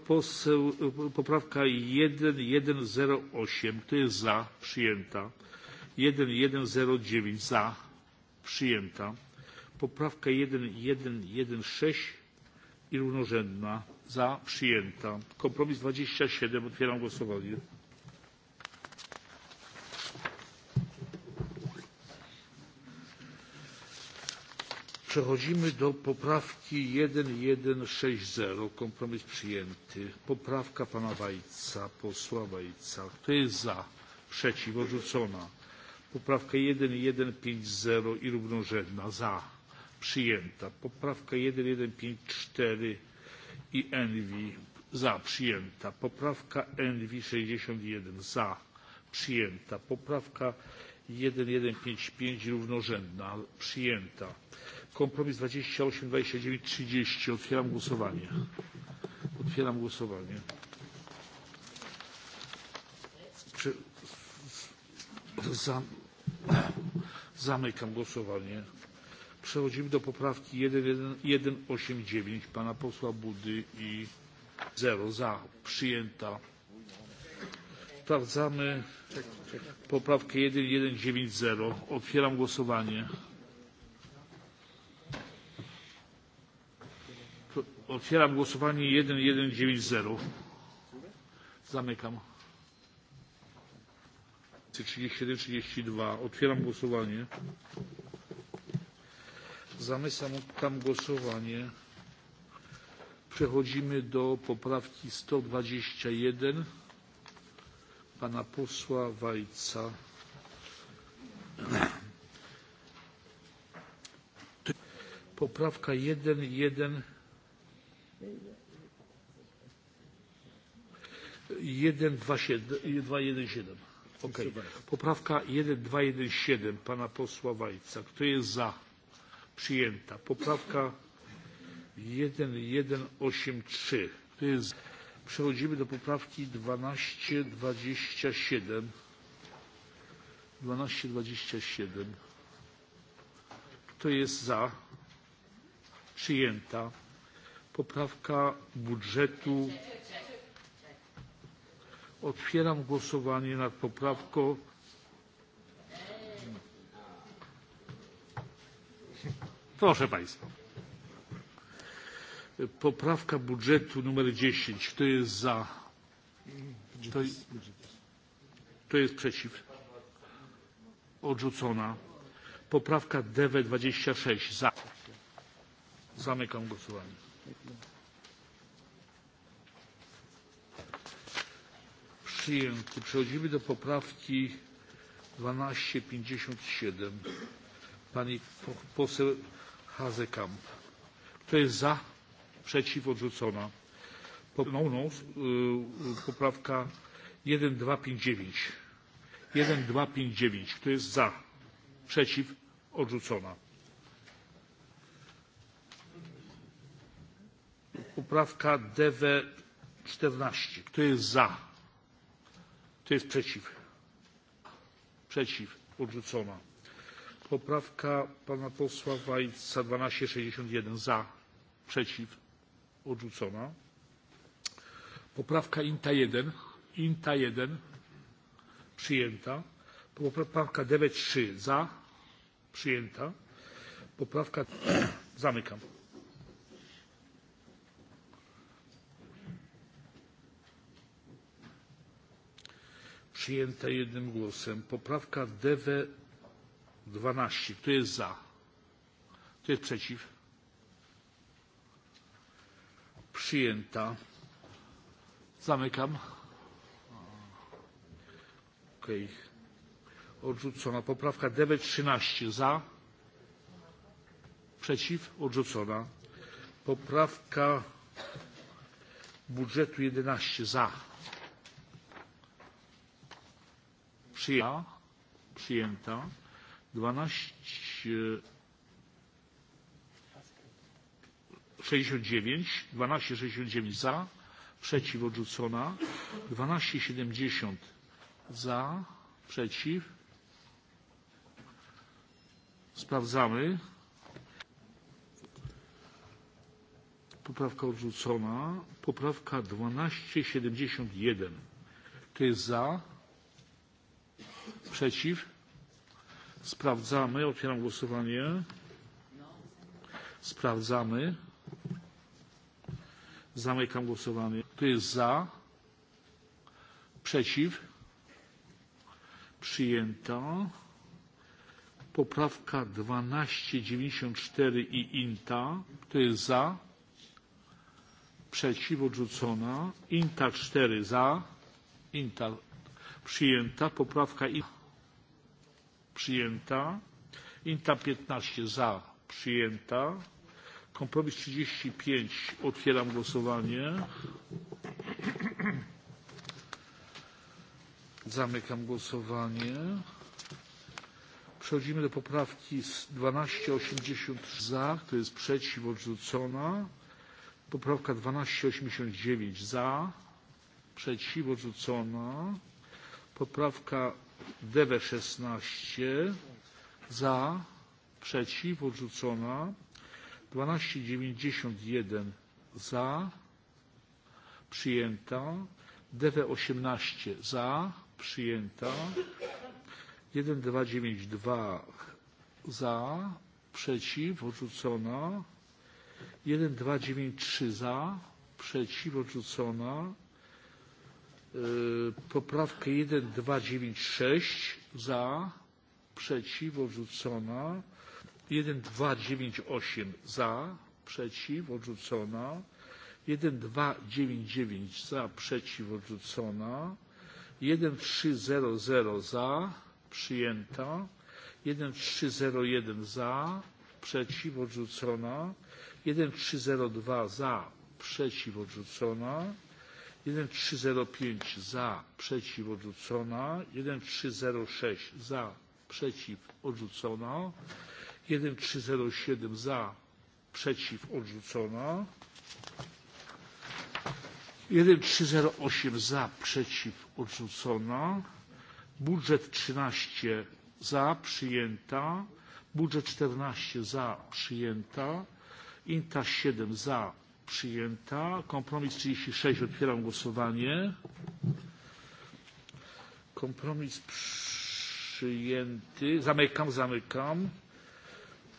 Poseł, poprawka 1108. Kto jest za? Przyjęta. 1109 za. Przyjęta. Poprawka 1116 i równorzędna. Za. Przyjęta. Kompromis 27. Otwieram głosowanie. Przechodzimy do poprawki 1160. Kompromis przyjęty. Poprawka pana Wajca, posła Wajca. Kto jest za? Przeciw? Odrzucona. Poprawka 1150 i równorzędna. Za. Przyjęta. Poprawka 1154 i Envi. Za. Przyjęta. Poprawka Envi 61. Za. Przyjęta. Poprawka 1155 równorzędna. Przyjęta kompromis dwadzieścia osiem dwadzieścia dziewięć trzydzieści otwieram głosowanie otwieram głosowanie Prze za zamykam głosowanie przechodzimy do poprawki jeden osiem dziewięć pana posła budy i zero za przyjęta sprawdzamy poprawkę jeden jeden dziewięć zero otwieram głosowanie Otwieram głosowanie 1190. Zamykam. 31, 32. Otwieram głosowanie. Zamykam głosowanie. Przechodzimy do poprawki 121 pana posła Wajca. Poprawka 1.1 jeden dwa jeden siedem poprawka jeden dwa jeden siedem pana posła Wajca kto jest za przyjęta poprawka jeden jeden osiem trzy kto jest przechodzimy do poprawki dwanaście dwadzieścia siedem dwanaście dwadzieścia siedem kto jest za przyjęta Poprawka budżetu. Otwieram głosowanie nad poprawką. Proszę Państwa. Poprawka budżetu numer 10. Kto jest za? Kto, kto jest przeciw? Odrzucona. Poprawka DW 26. Za. Zamykam głosowanie. Przyjęty. Przechodzimy do poprawki 1257. Pani poseł Hazekamp. Kto jest za? Przeciw? Odrzucona. No, no, poprawka 1259. 1259. Kto jest za? Przeciw? Odrzucona poprawka DW 14. Kto jest za? Kto jest przeciw? Przeciw. Odrzucona. Poprawka pana posła Wajca 1261. Za. Przeciw. Odrzucona. Poprawka INTA 1. INTA 1. Przyjęta. Poprawka DW 3. Za. Przyjęta. Poprawka. Zamykam. Przyjęta jednym głosem. Poprawka DW 12. Kto jest za? Kto jest przeciw? Przyjęta. Zamykam. Okej. Okay. Odrzucona. Poprawka DW 13. Za? Przeciw? Odrzucona. Poprawka budżetu 11. Za przyjęta, przyjęta 12 69, 12 69 za, przeciw odrzucona, 12 70 za, przeciw. Sprawdzamy. Poprawka odrzucona. Poprawka 1271. Kto jest za? Przeciw? Sprawdzamy. Otwieram głosowanie. Sprawdzamy. Zamykam głosowanie. Kto jest za? Przeciw? Przyjęta. Poprawka 1294 i INTA. Kto jest za? Przeciw? Odrzucona. INTA 4 za. INTA przyjęta. Poprawka INTA przyjęta. Inta 15 za, przyjęta. Kompromis 35, otwieram głosowanie. Zamykam głosowanie. Przechodzimy do poprawki z 1280 za, kto jest przeciw, odrzucona. Poprawka 1289 za, przeciw, odrzucona. Poprawka DW 16 za, przeciw, odrzucona. 1291 za, przyjęta. DW 18 za, przyjęta. 1292 za, przeciw, odrzucona. 1293 za, przeciw, odrzucona poprawkę jeden dwa dziewięć sześć za przeciw odrzucona jeden dwa dziewięć osiem za przeciw odrzucona jeden dwa dziewięć dziewięć za przeciw odrzucona jeden trzy zero zero za przyjęta jeden trzy zero jeden za przeciw odrzucona jeden trzy zero dwa za przeciw odrzucona jeden trzy zero pięć za przeciw odrzucona jeden trzy zero sześć za przeciw odrzucona jeden trzy zero siedem za przeciw odrzucona jeden trzy zero osiem za przeciw odrzucona budżet trzynaście za przyjęta budżet czternaście za przyjęta inta siedem za Przyjęta. Kompromis 36. Otwieram głosowanie. Kompromis przyjęty. Zamykam, zamykam.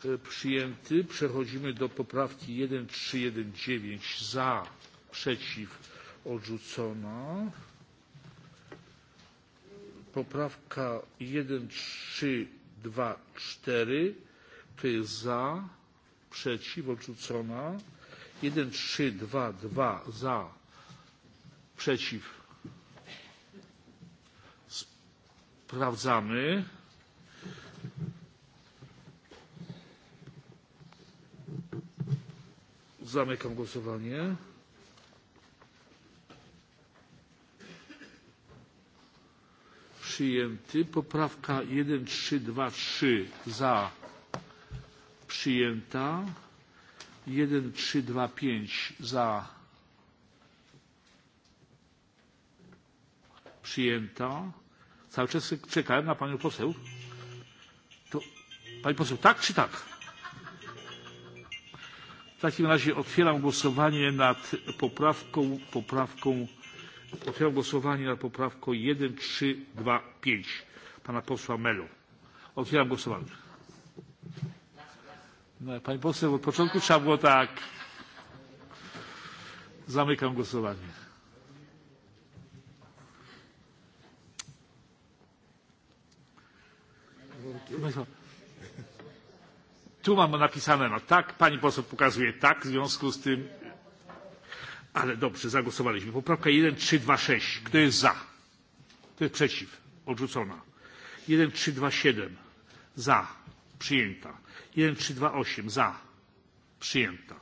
E, przyjęty. Przechodzimy do poprawki 1319. Za, przeciw, odrzucona. Poprawka 1324. Kto jest za? Przeciw, odrzucona jeden trzy dwa dwa za przeciw sprawdzamy zamykam głosowanie przyjęty poprawka jeden trzy dwa trzy za przyjęta jeden trzy dwa pięć za przyjęta cały czas czekałem na panią poseł to pani poseł tak czy tak w takim razie otwieram głosowanie nad poprawką poprawką otwieram głosowanie nad poprawką jeden trzy dwa pięć pana posła melo otwieram głosowanie No, pani poseł, od początku trzeba było tak. Zamykam głosowanie. Tu mam napisane na tak, pani poseł pokazuje tak, w związku z tym, ale dobrze, zagłosowaliśmy. Poprawka 1, 3, 2, 6. Kto jest za? Kto jest przeciw? Odrzucona. 1, 3, 2, 7. Za przyjęta. 1328 za, przyjęta.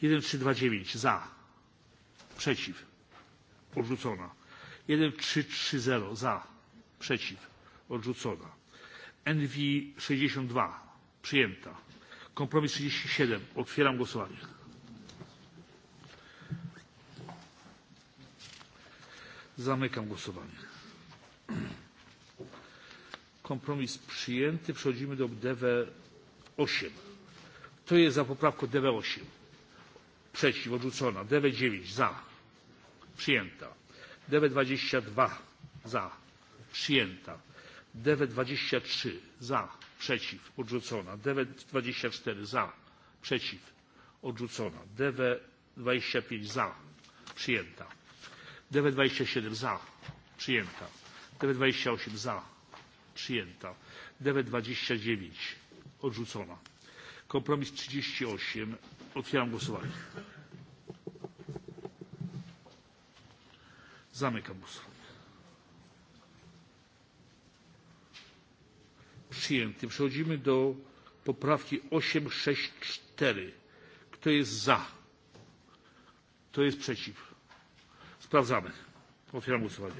1329 za, przeciw, odrzucona. 1330 za, przeciw, odrzucona. NV 62 przyjęta. Kompromis 37. Otwieram głosowanie. Zamykam głosowanie. Kompromis przyjęty. Przechodzimy do DW 8. Kto jest za poprawką DW 8? Przeciw. Odrzucona. DW 9. Za. Przyjęta. DW 22. Za. Przyjęta. DW 23. Za. Przeciw. Odrzucona. DW 24. Za. Przeciw. Odrzucona. DW 25. Za. Przyjęta. DW 27. Za. Przyjęta. DW 28. Za przyjęta. DW 29 odrzucona. Kompromis 38. Otwieram głosowanie. Zamykam głosowanie. Przyjęty. Przechodzimy do poprawki 864. Kto jest za? Kto jest przeciw? Sprawdzamy. Otwieram głosowanie.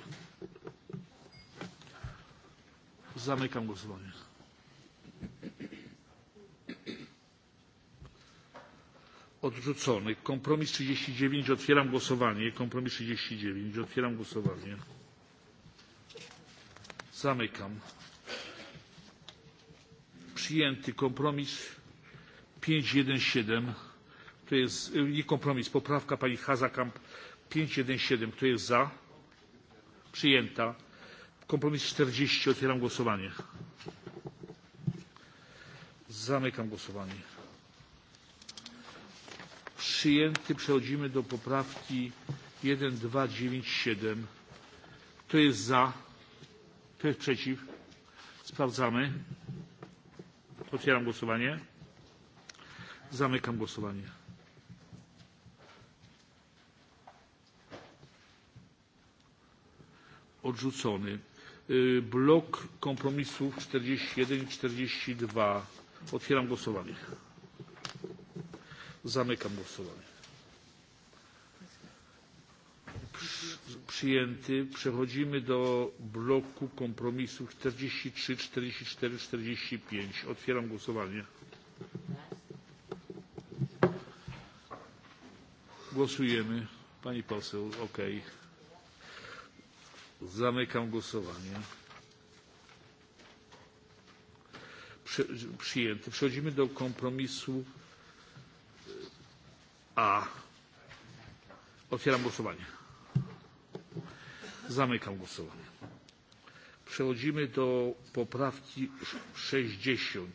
Zamykam głosowanie. Odrzucony. Kompromis 39. Otwieram głosowanie. Kompromis 39. Otwieram głosowanie. Zamykam. Przyjęty kompromis 517. Kto jest, nie kompromis, poprawka pani Hazakamp 517. Kto jest za? Przyjęta Kompromis 40. Otwieram głosowanie. Zamykam głosowanie. Przyjęty. Przechodzimy do poprawki 1297. Kto jest za? Kto jest przeciw? Sprawdzamy. Otwieram głosowanie. Zamykam głosowanie. Odrzucony blok kompromisów czterdzieści jeden i czterdzieści dwa otwieram głosowanie zamykam głosowanie przyjęty przechodzimy do bloku kompromisów czterdzieści trzy czterdzieści cztery czterdzieści pięć otwieram głosowanie głosujemy pani poseł okej okay. Zamykam głosowanie. Przyjęty. Przechodzimy do kompromisu e, A. Otwieram głosowanie. Zamykam głosowanie. Przechodzimy do poprawki 60.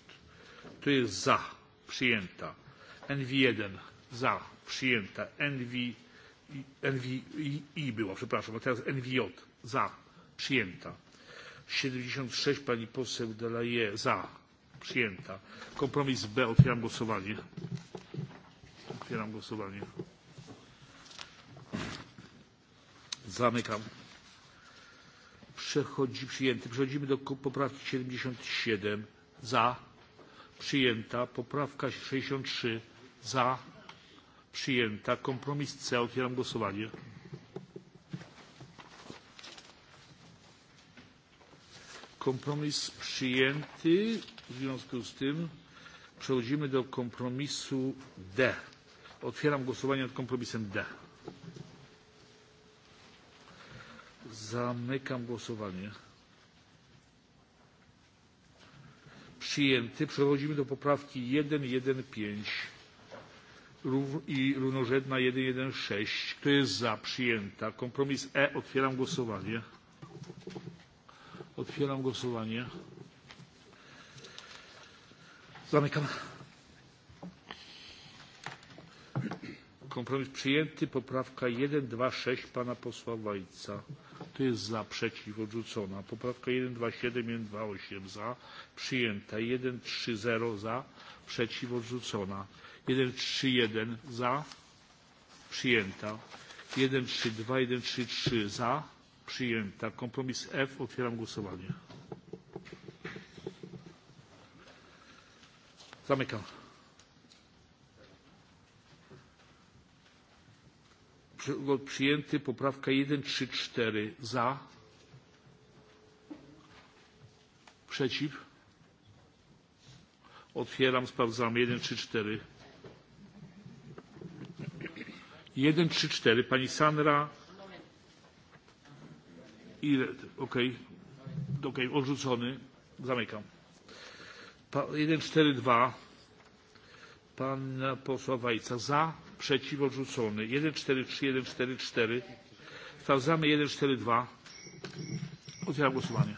To jest za. Przyjęta. NV1 za. Przyjęta. NV, NVI była, przepraszam, a teraz NVJ Za. Przyjęta. 76 pani poseł Delaje. Za. Przyjęta. Kompromis B. Otwieram głosowanie. Otwieram głosowanie. Zamykam. Przechodzi, przyjęty. Przechodzimy do poprawki 77. Za. Przyjęta. Poprawka 63. Za. Przyjęta. Kompromis C. Otwieram głosowanie. Kompromis przyjęty. W związku z tym przechodzimy do kompromisu D. Otwieram głosowanie nad kompromisem D. Zamykam głosowanie. Przyjęty. Przechodzimy do poprawki 115 i równorzędna 116. Kto jest za? Przyjęta. Kompromis E. Otwieram głosowanie. Thank you. Otwieram głosowanie. Zamykam. Kompromis przyjęty. Poprawka 1, 2, 6 pana posła Wajca. Kto jest za? Przeciw? Odrzucona. Poprawka 1, 2, 7, 1, 2, 8 za. Przyjęta. 1, 3, 0 za. Przeciw? Odrzucona. 1, 3, 1 za. Przyjęta. 1, 3, 2, 1, 3, 3 za przyjęta. Kompromis F. Otwieram głosowanie. Zamykam. Przyjęty poprawka 1, 3, 4. Za. Przeciw. Otwieram, sprawdzam. 1, 3, 4. 1, 3, 4. Pani Sandra Ile? Okej. Okay. Okej, okay. odrzucony. Zamykam. Pa, 142 pana posła Wajca za, przeciw, odrzucony. 143, 144. Sprawdzamy 142. Otwieram głosowanie.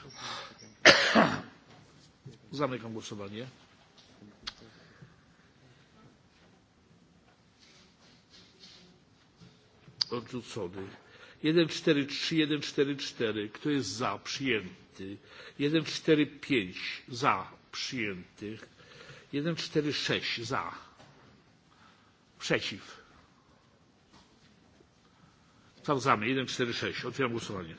Zamykam głosowanie. Odrzucony jeden cztery trzy jeden cztery cztery kto jest za przyjęty jeden cztery pięć za przyjętych jeden cztery sześć za przeciw sprawdzamy jeden cztery sześć otwieram głosowanie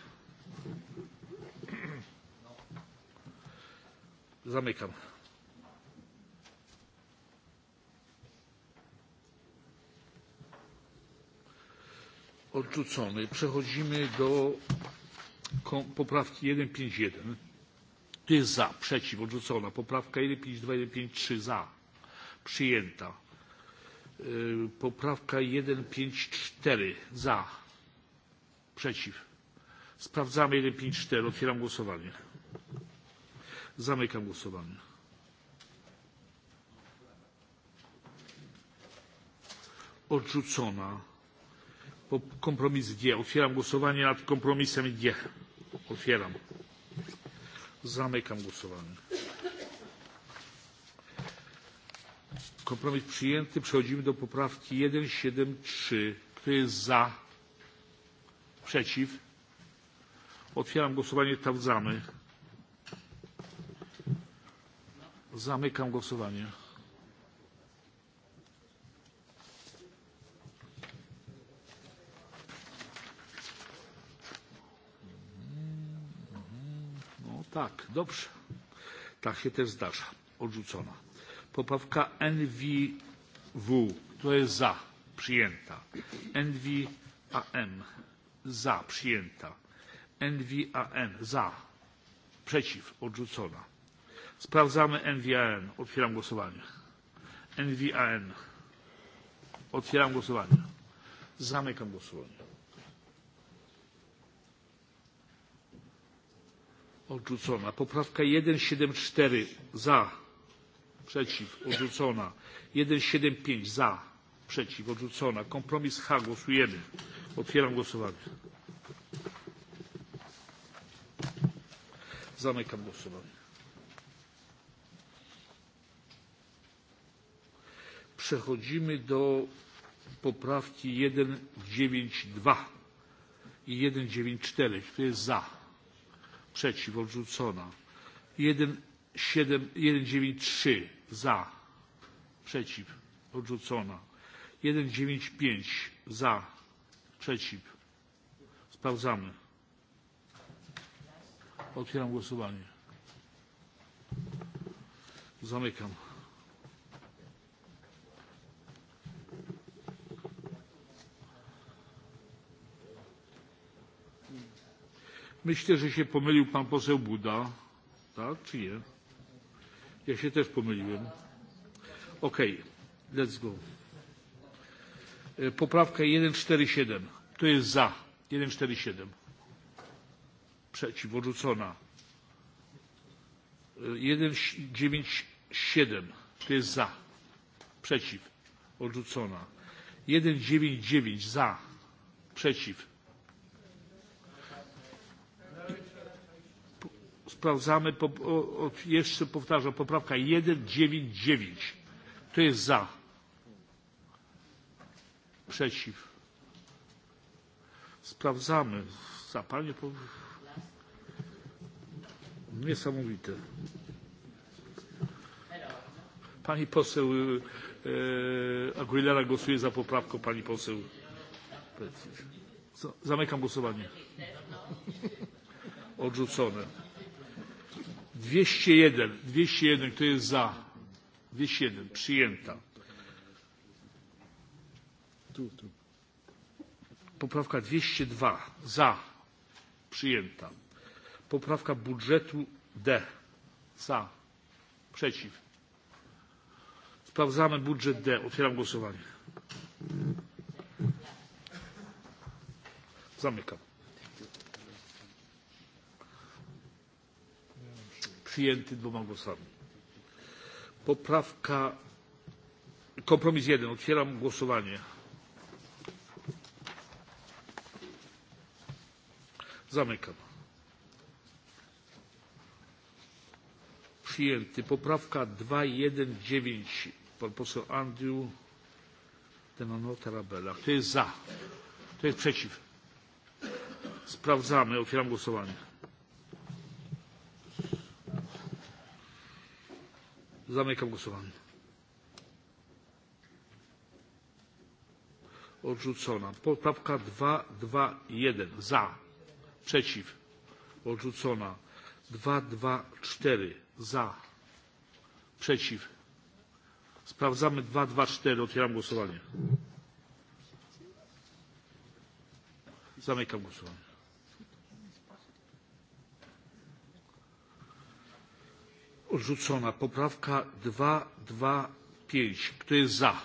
zamykam odrzucony. Przechodzimy do poprawki 151. Kto jest za? Przeciw? Odrzucona. Poprawka 152, 153 za. Przyjęta. Yy, poprawka 154 za. Przeciw. Sprawdzamy 154. Otwieram głosowanie. Zamykam głosowanie. Odrzucona kompromis G. Otwieram głosowanie nad kompromisem G. Otwieram. Zamykam głosowanie. Kompromis przyjęty. Przechodzimy do poprawki 173. Kto jest za? Przeciw? Otwieram głosowanie. Sprawdzamy. Zamykam głosowanie. Tak, dobrze. Tak się też zdarza. Odrzucona. Poprawka NWW. Kto jest za? Przyjęta. NWAM. Za. Przyjęta. NWAN. Za. Przeciw. Odrzucona. Sprawdzamy NWAN. Otwieram głosowanie. NWAN. Otwieram głosowanie. Zamykam głosowanie. odrzucona poprawka jeden siedem cztery za przeciw odrzucona jeden siedem pięć za przeciw odrzucona kompromis h głosujemy otwieram głosowanie zamykam głosowanie przechodzimy do poprawki jeden dziewięć dwa i jeden dziewięć cztery kto jest za przeciw odrzucona jeden siedem jeden dziewięć trzy za przeciw odrzucona jeden dziewięć pięć za przeciw sprawdzamy otwieram głosowanie zamykam Myślę, że się pomylił pan poseł Buda. Tak, czy nie? Ja się też pomyliłem. Okej, okay, let's go. E, poprawka 147. Kto jest za? 147. Przeciw, odrzucona. 197. E, Kto jest za? Przeciw, odrzucona. 199 za, przeciw, sprawdzamy pop, o, o, jeszcze powtarzam poprawka jeden dziewięć dziewięć kto jest za przeciw sprawdzamy zapalnie po... niesamowite pani poseł e, Aguilera głosuje za poprawką pani poseł zamykam głosowanie odrzucone dwieście jeden dwieście jeden kto jest za dwieście jeden przyjęta poprawka dwieście dwa za przyjęta poprawka budżetu d za przeciw sprawdzamy budżet d otwieram głosowanie zamykam przyjęty dwoma głosami. Poprawka kompromis jeden. Otwieram głosowanie. Zamykam. Przyjęty. Poprawka 219. Pan poseł Andrew Denano Tarabella. Kto jest za? Kto jest przeciw? Sprawdzamy. Otwieram głosowanie. Zamykam głosowanie. Odrzucona. Poprawka 221. Za. Przeciw. Odrzucona. 224. Za. Przeciw. Sprawdzamy 224. Otwieram głosowanie. Zamykam głosowanie. odrzucona. Poprawka 225. Kto jest za?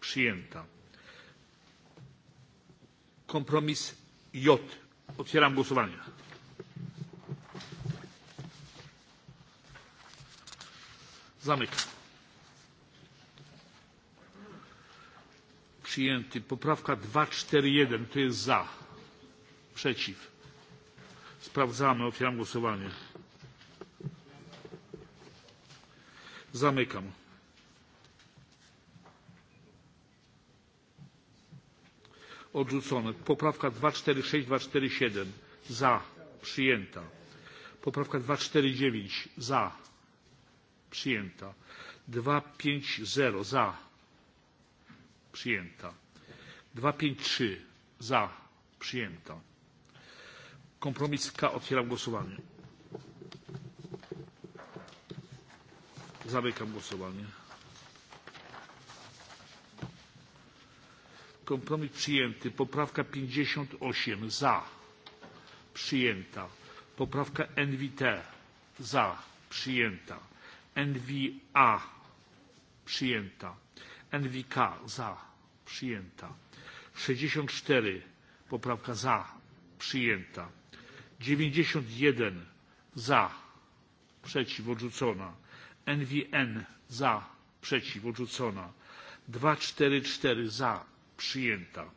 Przyjęta. Kompromis J. Otwieram głosowanie. Zamykam. Przyjęty. Poprawka 241. Kto jest za? Przeciw. Sprawdzamy. Otwieram głosowanie. Zamykam. Odrzucone. Poprawka 246, 247. Za. Przyjęta. Poprawka 249. Za. Przyjęta. 250. Za. Przyjęta. 253. Za. Przyjęta. Kompromis K. Otwieram głosowanie. Zamykam głosowanie. Kompromis przyjęty. Poprawka 58 za. Przyjęta. Poprawka NWT za. Przyjęta. NWA przyjęta. NWK za. Przyjęta. 64 poprawka za. Przyjęta. 91 za. Przeciw. Odrzucona. NWN za, przeciw, odrzucona. 244 za, przyjęta.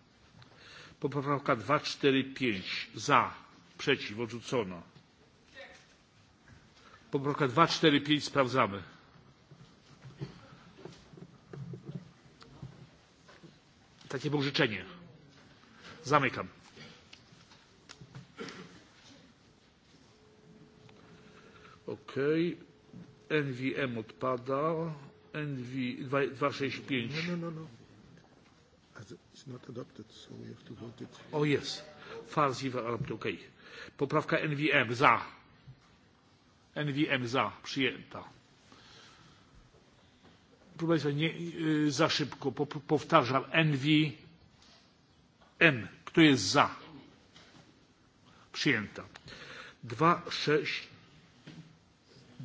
Poprawka 245 za, przeciw, odrzucona. Poprawka 245 sprawdzamy. Takie było życzenie. Zamykam. Okej. Okay. NVM odpada. NV 265. No, no, no, no. It's not adopted, so we have to vote it. Oh, yes. Farsi were adopted, okay. Poprawka NVM za. NVM za, przyjęta. Proszę Państwa, nie, yy, za szybko, po, powtarzam, NVM. Kto jest za? Przyjęta. 2, 6,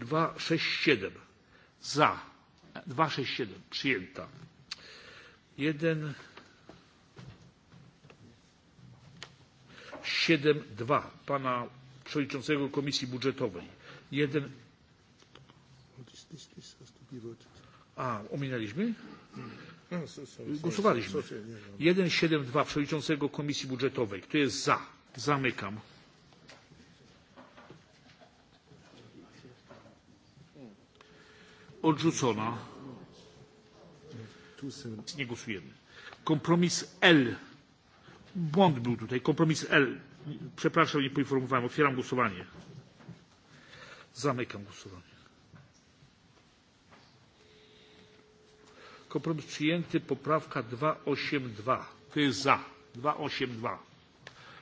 dwa sześć siedem za dwa sześć siedem przyjęta jeden siedem dwa pana przewodniczącego komisji budżetowej jeden a ominęliśmy głosowaliśmy jeden siedem dwa przewodniczącego komisji budżetowej kto jest za zamykam odrzucona nie głosujemy kompromis l błąd był tutaj kompromis l przepraszam nie poinformowałem otwieram głosowanie zamykam głosowanie kompromis przyjęty poprawka dwa osiem dwa kto jest za dwa osiem dwa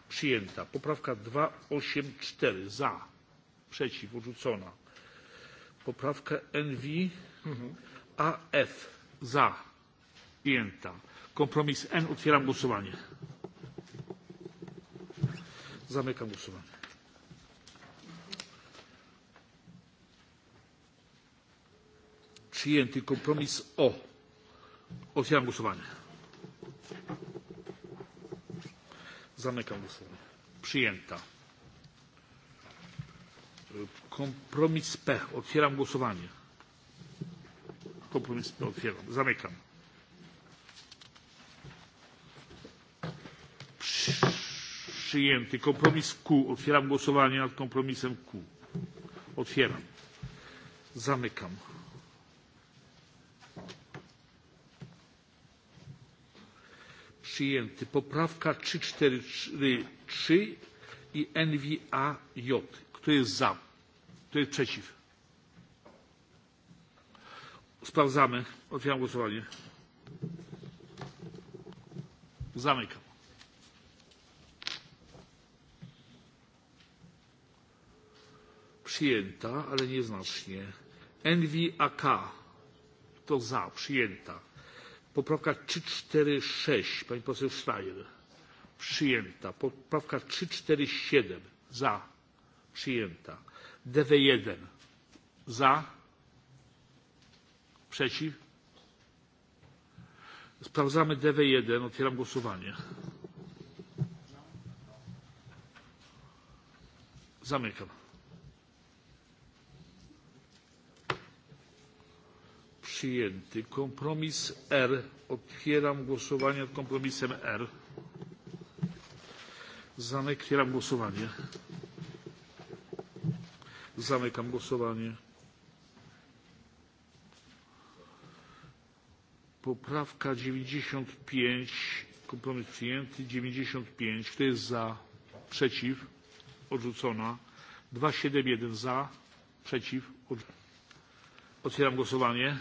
przyjęta poprawka dwa osiem cztery za przeciw odrzucona poprawkę NV mhm. AF za przyjęta. Kompromis N otwieram głosowanie. Zamykam głosowanie. Przyjęty kompromis O. Otwieram głosowanie. Zamykam głosowanie. Przyjęta. Kompromis P. Otwieram głosowanie. Kompromis P otwieram. Zamykam. Przyjęty. Kompromis Q. Otwieram głosowanie nad kompromisem Q. Otwieram. Zamykam. Przyjęty. Poprawka 343 i NVAJ. Kto jest za? Kto jest przeciw? Sprawdzamy. Otwieram głosowanie. Zamykam. Przyjęta, ale nieznacznie. NVAK. Kto za? Przyjęta. Poprawka 346. Pani poseł Schreier. Przyjęta. Poprawka 347. Za. Przyjęta DW1 za, przeciw. Sprawdzamy DW1. Otwieram głosowanie. Zamykam. Przyjęty. Kompromis R. Otwieram głosowanie nad kompromisem R. Zamykam głosowanie. Zamykam głosowanie. Poprawka 95, kompromis przyjęty. 95, kto jest za? Przeciw? Odrzucona. 271 za, przeciw. Odrzucona. Otwieram głosowanie.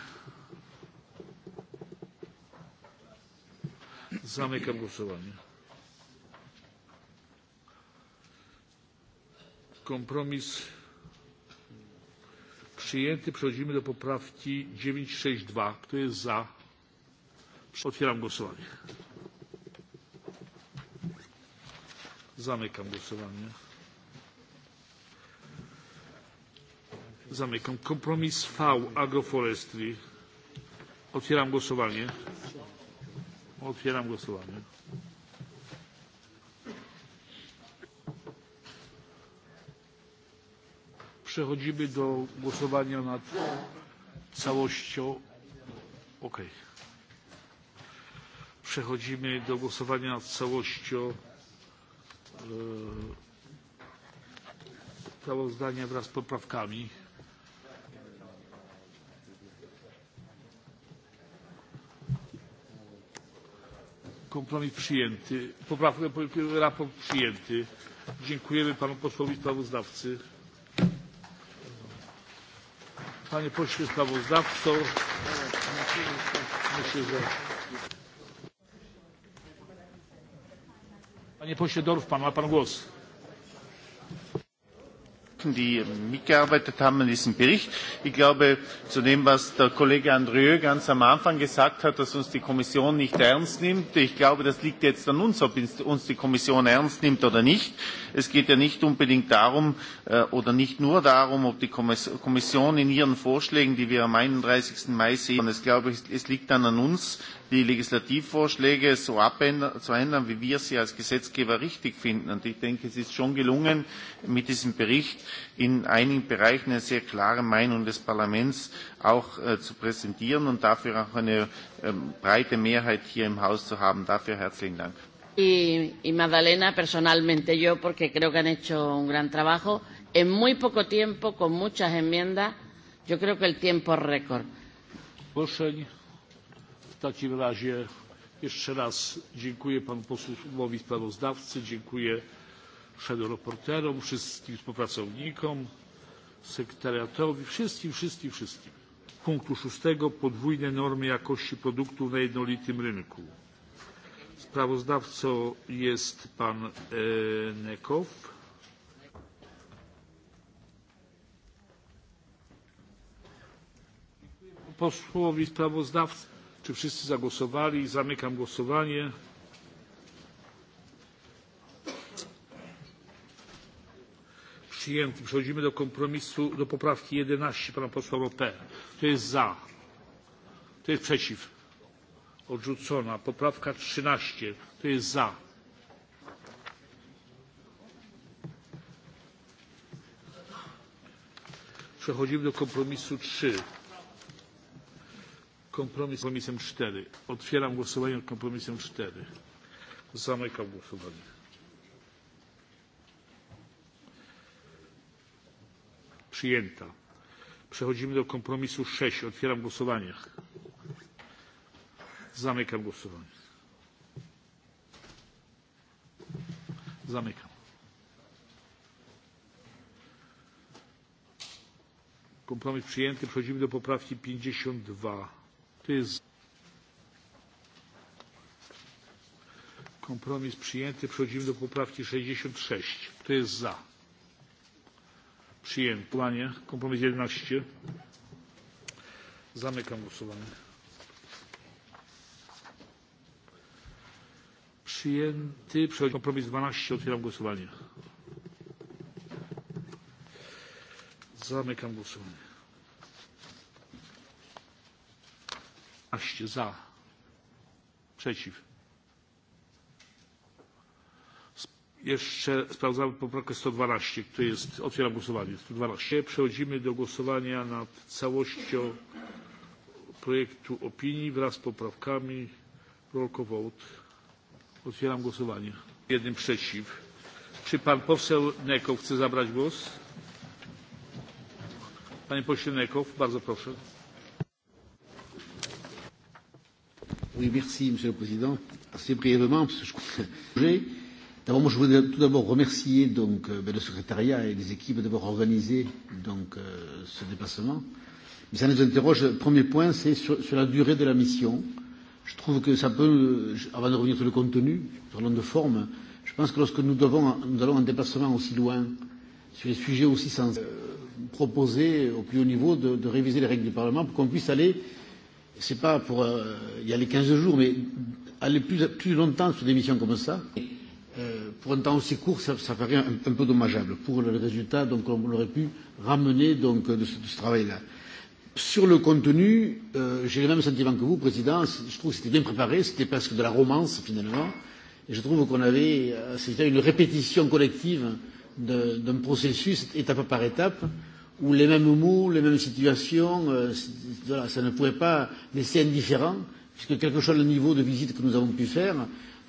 Zamykam głosowanie. Kompromis przyjęty. Przechodzimy do poprawki 962. Kto jest za? Otwieram głosowanie. Zamykam głosowanie. Zamykam. Kompromis V Agroforestry. Otwieram głosowanie. Otwieram głosowanie. Przechodzimy do głosowania nad całością. OK. Przechodzimy do głosowania nad całością e, sprawozdania wraz z poprawkami. kompromis przyjęty poprawkę raport przyjęty. dziękujemy panu posłowi sprawozdawcy. Panie pośle sprawozdawco, myślę, że... Panie pośle Dorfman, ma pan głos. Fraktionen, die mitgearbeitet haben an diesem Bericht. Ich glaube, zu dem, was der Kollege Andrieu ganz am Anfang gesagt hat, dass uns die Kommission nicht ernst nimmt, ich glaube, das liegt jetzt an uns, ob uns die Kommission ernst nimmt oder nicht. Es geht ja nicht unbedingt darum äh, oder nicht nur darum, ob die Kommission in ihren Vorschlägen, die wir am 31. Mai sehen, es glaube, es liegt dann an uns, die Legislativvorschläge so zu ändern, wie wir sie als Gesetzgeber richtig finden. Und ich denke, es ist schon gelungen, mit diesem Bericht in einigen Bereichen eine sehr klare Meinung des Parlaments auch äh, zu präsentieren und dafür auch eine ähm, breite Mehrheit hier im Haus zu haben. Dafür herzlichen Dank. Y, y Magdalena, personalmente yo, porque creo que han hecho un gran trabajo, en muy poco tiempo, con muchas enmiendas, yo creo que el tiempo es récord. Proszeń. W takim razie jeszcze raz dziękuję panu posłowi sprawozdawcy, dziękuję sprawozdawcom wszystkim współpracownikom sekretariatowi wszystkim wszystkim wszystkim. w punkcie szóstym podwójne normy jakości produktów na jednolitym rynku. sprawozdawcą jest pan e, nekov. posłowi sprawozdawcy czy wszyscy zagłosowali? zamykam głosowanie. przyjęty. Przechodzimy do kompromisu, do poprawki 11 pana posła Rope. Kto jest za? Kto jest przeciw? Odrzucona. Poprawka 13. Kto jest za? Przechodzimy do kompromisu 3. Kompromis kompromisem 4. Otwieram głosowanie nad kompromisem 4. Zamykam głosowanie. Przyjęta. Przechodzimy do kompromisu 6. Otwieram głosowanie. Zamykam głosowanie. Zamykam. Kompromis przyjęty. Przechodzimy do poprawki 52. To jest kompromis przyjęty. Przechodzimy do poprawki 66. Kto jest za? Przyjęcie. Kompromis 11. Zamykam głosowanie. Przyjęty. Przechodzi kompromis 12. Otwieram głosowanie. Zamykam głosowanie. 12 za. Przeciw. jeszcze sprawdzamy poprawkę sto dwanaście kto jest otwieram głosowanie sto dwanaście przechodzimy do głosowania nad całością projektu opinii wraz z poprawkami roll call vote otwieram głosowanie jeden przeciw czy pan poseł nekow chce zabrać głos? panie pośle nekow bardzo proszę. Oui, merci, Monsieur le Président. Assez brièvement, parce que je D'abord, moi, je voudrais tout d'abord remercier donc, euh, le secrétariat et les équipes d'avoir organisé donc, euh, ce déplacement. Mais ça nous interroge, le premier point, c'est sur, sur la durée de la mission. Je trouve que ça peut, euh, avant de revenir sur le contenu, sur l'onde de forme, je pense que lorsque nous, devons, nous allons en déplacement aussi loin, sur des sujets aussi sensibles, euh, proposer au plus haut niveau de, de réviser les règles du Parlement pour qu'on puisse aller, c'est pas pour euh, y aller 15 jours, mais aller plus, plus longtemps sur des missions comme ça pour un temps aussi court, ça, ça paraît un, un peu dommageable pour le résultat. Donc, on aurait pu ramener donc, de, ce, de ce travail-là. Sur le contenu, euh, j'ai le même sentiment que vous, Président. Je trouve que c'était bien préparé, c'était presque de la romance finalement. Et je trouve qu'on avait, euh, c'était une répétition collective d'un processus étape par étape où les mêmes mots, les mêmes situations, euh, voilà, ça ne pouvait pas laisser indifférent, puisque quel que soit le niveau de visite que nous avons pu faire,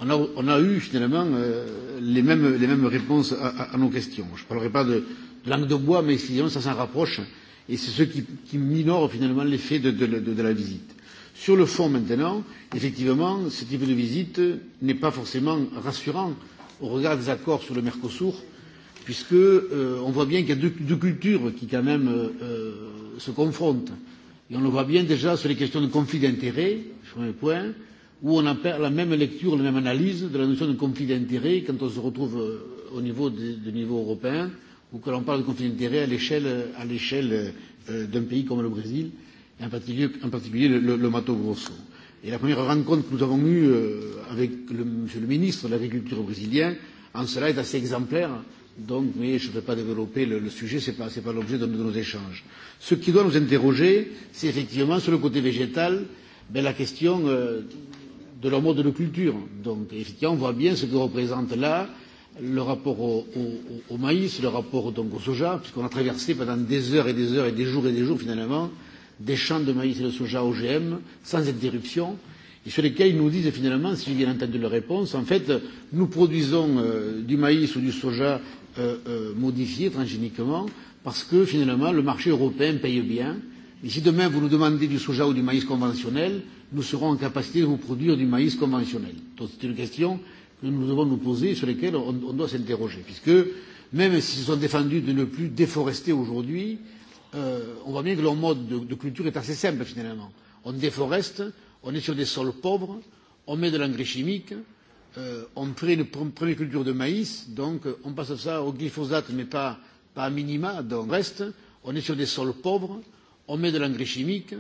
on a, on a eu finalement euh, les, mêmes, les mêmes réponses à, à, à nos questions. Je ne parlerai pas de, de langue de bois, mais finalement ça s'en rapproche et c'est ce qui, qui minore finalement l'effet de, de, de, de la visite. Sur le fond maintenant, effectivement, ce type de visite n'est pas forcément rassurant au regard des accords sur le Mercosur, puisque euh, on voit bien qu'il y a deux, deux cultures qui quand même euh, se confrontent. Et on le voit bien déjà sur les questions de conflit d'intérêts, premier point, euh, où on a la même lecture, la même analyse de la notion de conflit d'intérêts quand on se retrouve euh, au niveau de, de niveau européen ou que l'on parle de conflit d'intérêts à l'échelle à l'échelle euh, d'un pays comme le Brésil, et en particulier, en particulier le, le, le Mato Grosso. Et la première rencontre que nous avons eue euh, avec le, Monsieur le ministre de l'Agriculture brésilien, en cela est assez exemplaire. Donc, mais je ne vais pas développer le, le sujet, ce n'est pas, pas l'objet de, de nos échanges. Ce qui doit nous interroger, c'est effectivement sur le côté végétal, ben, la question euh, de leur mode de culture. Donc, effectivement, on voit bien ce que représente là le rapport au, au, au maïs, le rapport donc au soja, puisqu'on a traversé pendant des heures et des heures et des jours et des jours, finalement, des champs de maïs et de soja OGM, sans interruption, et sur lesquels ils nous disent finalement, si j'ai bien entendu leur réponse, en fait, nous produisons euh, du maïs ou du soja euh, euh, modifié transgéniquement, parce que finalement, le marché européen paye bien, euh, Mais si demain vous nous demandez du soja ou du maïs conventionnel, nous serons en capacité de vous produire du maïs conventionnel. Donc c'est une question que nous devons nous poser et sur laquelle on, on doit s'interroger, puisque même s'ils sont défendus de ne plus déforester aujourd'hui, euh, on voit bien que leur mode de, de culture est assez simple finalement. On déforeste, on est sur des sols pauvres, on met de l'engrais chimique, euh, on crée une pr première culture de maïs, donc on passe ça au glyphosate, mais pas, pas à minima, donc reste, on est sur des sols pauvres, euh, on met de l'engrais chimique,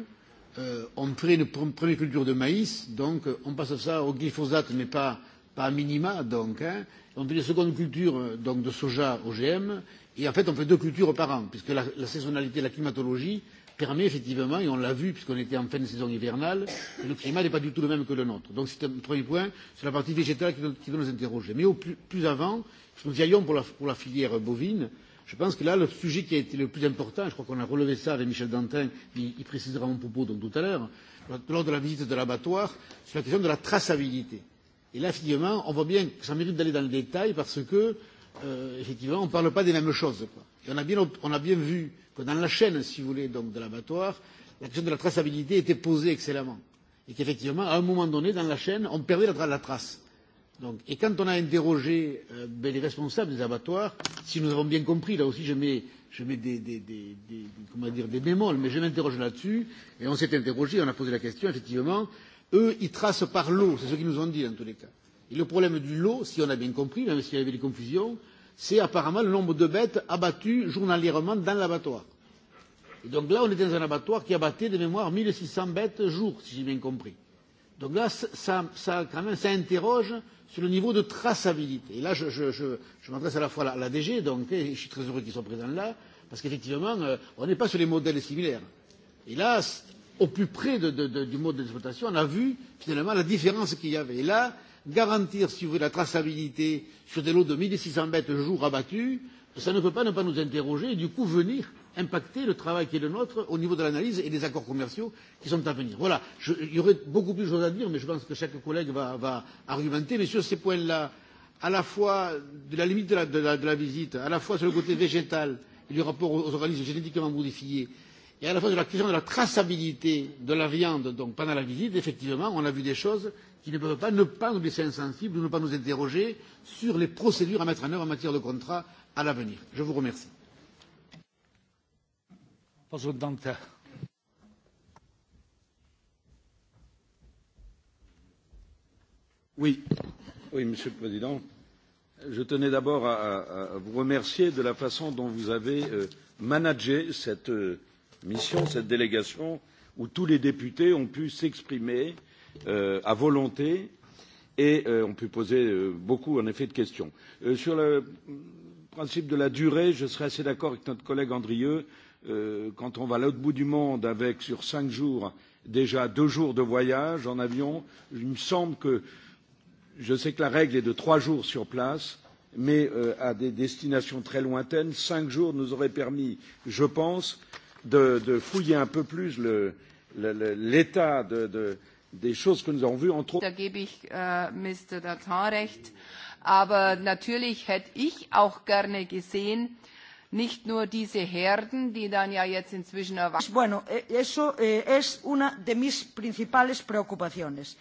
euh, on crée une pr première culture de maïs, donc euh, on passe ça au glyphosate, mais pas, pas à minima, donc. Hein. On fait une seconde culture euh, donc, de soja OGM, et en fait on fait deux cultures par an, puisque la, la saisonnalité, la climatologie permet effectivement, et on l'a vu puisqu'on était en fin de saison hivernale, que le climat n'est pas du tout le même que le nôtre. Donc c'est un premier point, c'est la partie végétale qui doit, qui doit nous interroger. Mais au plus, plus avant, nous y aillons pour la, pour la filière bovine, euh, Je pense que là, le sujet qui a été le plus important, je crois qu'on a relevé ça avec Michel Dantin, il, il précisera mon propos donc, tout à l'heure, lors de la visite de l'abattoir, sur la question de la traçabilité. Et là, finalement, on voit bien que ça mérite d'aller dans le détail parce que, euh, effectivement, on ne parle pas des mêmes choses. Quoi. Et on a, bien, on a bien vu que dans la chaîne, si vous voulez, donc, de l'abattoir, la question de la traçabilité était posée excellemment. Et qu'effectivement, à un moment donné, dans la chaîne, on perdait la, tra la trace. Donc, et quand on a interrogé euh, ben, les responsables des abattoirs, si nous avons bien compris, là aussi je mets, je mets des, des, des, des, comment dire, des bémols, mais je m'interroge là-dessus, et on s'est interrogé, on a posé la question, effectivement, eux, ils tracent par l'eau, c'est ce qu'ils nous ont dit dans tous les cas. Et le problème du lot, si on a bien compris, même s'il y avait des confusions, c'est apparemment le nombre de bêtes abattues journalièrement dans l'abattoir. Et donc là, on était dans un abattoir qui abattait de mémoire 1600 bêtes jour, si j'ai bien compris. Donc là, ça, ça quand même, ça interroge sur le niveau de traçabilité. Et là, je, je, je, je m'adresse à la fois à la, la DG, donc et je suis très heureux qu'ils soient présents là, parce qu'effectivement, euh, on n'est pas sur les modèles similaires. Et là, au plus près de, de, de, du mode d'exploitation, on a vu finalement la différence qu'il y avait. Et là, garantir, si vous voulez, la traçabilité sur des lots de 1600 mètres jour abattus, ça ne peut pas ne pas nous interroger et du coup venir impacter le travail qui est le nôtre au niveau de l'analyse et des accords commerciaux qui sont à venir. Voilà, je, il y aurait beaucoup plus de choses à dire, mais je pense que chaque collègue va, va argumenter. Mais sur ces points-là, à la fois de la limite de la, de, la, de la visite, à la fois sur le côté végétal et du rapport aux organismes génétiquement modifiés, et à la fois de la question de la traçabilité de la viande donc pendant la visite, effectivement, on a vu des choses qui ne peuvent pas ne pas nous laisser insensibles, ne pas nous interroger sur les procédures à mettre en œuvre en matière de contrat à l'avenir. Je vous remercie. Pasut Dante. Oui. oui, Monsieur le Président, je tenais d'abord à, à, à vous remercier de la façon dont vous avez euh, managé cette euh, mission, cette délégation, où tous les députés ont pu s'exprimer euh, à volonté et euh, ont pu poser euh, beaucoup, en effet, de questions. Euh, sur le principe de la durée, je serais assez d'accord avec notre collègue Andrieux. Euh, euh, quand on va à l'autre bout du monde avec sur cinq jours déjà deux jours de voyage en avion, il me semble que je sais que la règle est de trois jours sur place, mais euh, à des destinations très lointaines, cinq jours nous auraient permis, je pense, de, de fouiller un peu plus le, le, le, l'état de, de, des choses que nous avons vues entre autres. Da gebe ich äh, Mr. Dantin recht. Aber natürlich hätte ich auch gerne gesehen, äh, nicht nur diese Herden, die dann ja jetzt inzwischen erwachsen Bueno, e, eso eh, es una de mis principales preocupaciones.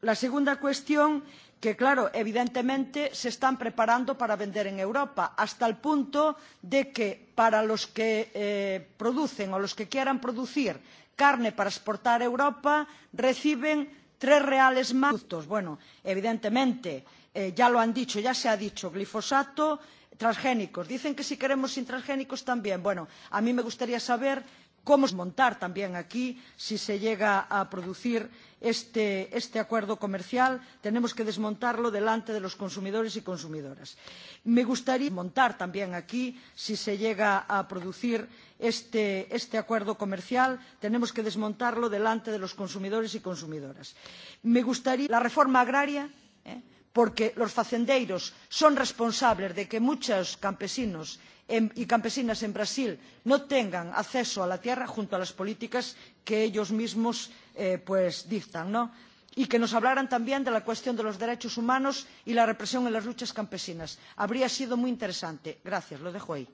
La segunda cuestión que claro evidentemente se están preparando para vender en europa hasta el punto de que para los que eh, producen o los que quieran producir carne para exportar a europa reciben tres reales más. bueno evidentemente eh, ya lo han dicho ya se ha dicho glifosato transgénicos dicen que si queremos sin transgénicos también. bueno a mí me gustaría saber cómo montar también aquí si se llega a producir este, este acuerdo comercial tenemos que desmontarlo delante de los consumidores y consumidoras. me gustaría montar también aquí si se llega a producir este, este acuerdo comercial tenemos que desmontarlo delante de los consumidores y consumidoras. me gustaría la reforma agraria ¿eh? porque los facendeiros son responsables de que muchos campesinos en, y campesinas en brasil no tengan acceso a la tierra junto a las políticas que ellos mismos eh, pues, dictan ¿no? y que nos hablaran también de la cuestión de los derechos humanos y la represión en las luchas campesinas. habría sido muy interesante. gracias lo dejo ahí.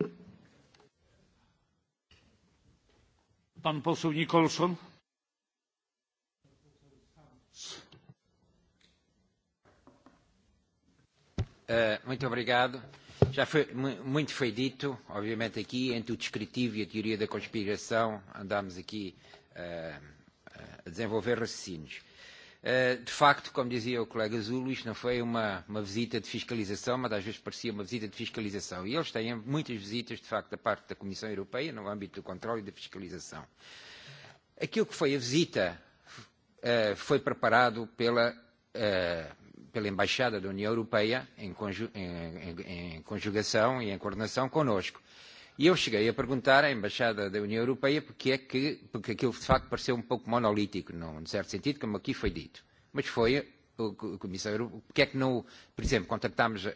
Pan poseł Nicholson. Uh, muito obrigado. Já foi, muito foi dito, obviamente, aqui, entre o descritivo e a teoria da conspiração, andámos aqui uh, a desenvolver raciocínios. Uh, de facto, como dizia o colega Zulo, isto não foi uma, uma visita de fiscalização, mas às vezes parecia uma visita de fiscalização. E eles têm muitas visitas, de facto, da parte da Comissão Europeia, no âmbito do controle e da fiscalização. Aquilo que foi a visita uh, foi preparado pela uh, pela Embaixada da União Europeia em, conju em, em, em conjugação e em coordenação connosco. E eu cheguei a perguntar à Embaixada da União Europeia porque é que, porque aquilo de facto pareceu um pouco monolítico, num certo sentido, como aqui foi dito. Mas foi o Comissário, porque é que não, por exemplo, contactámos uh,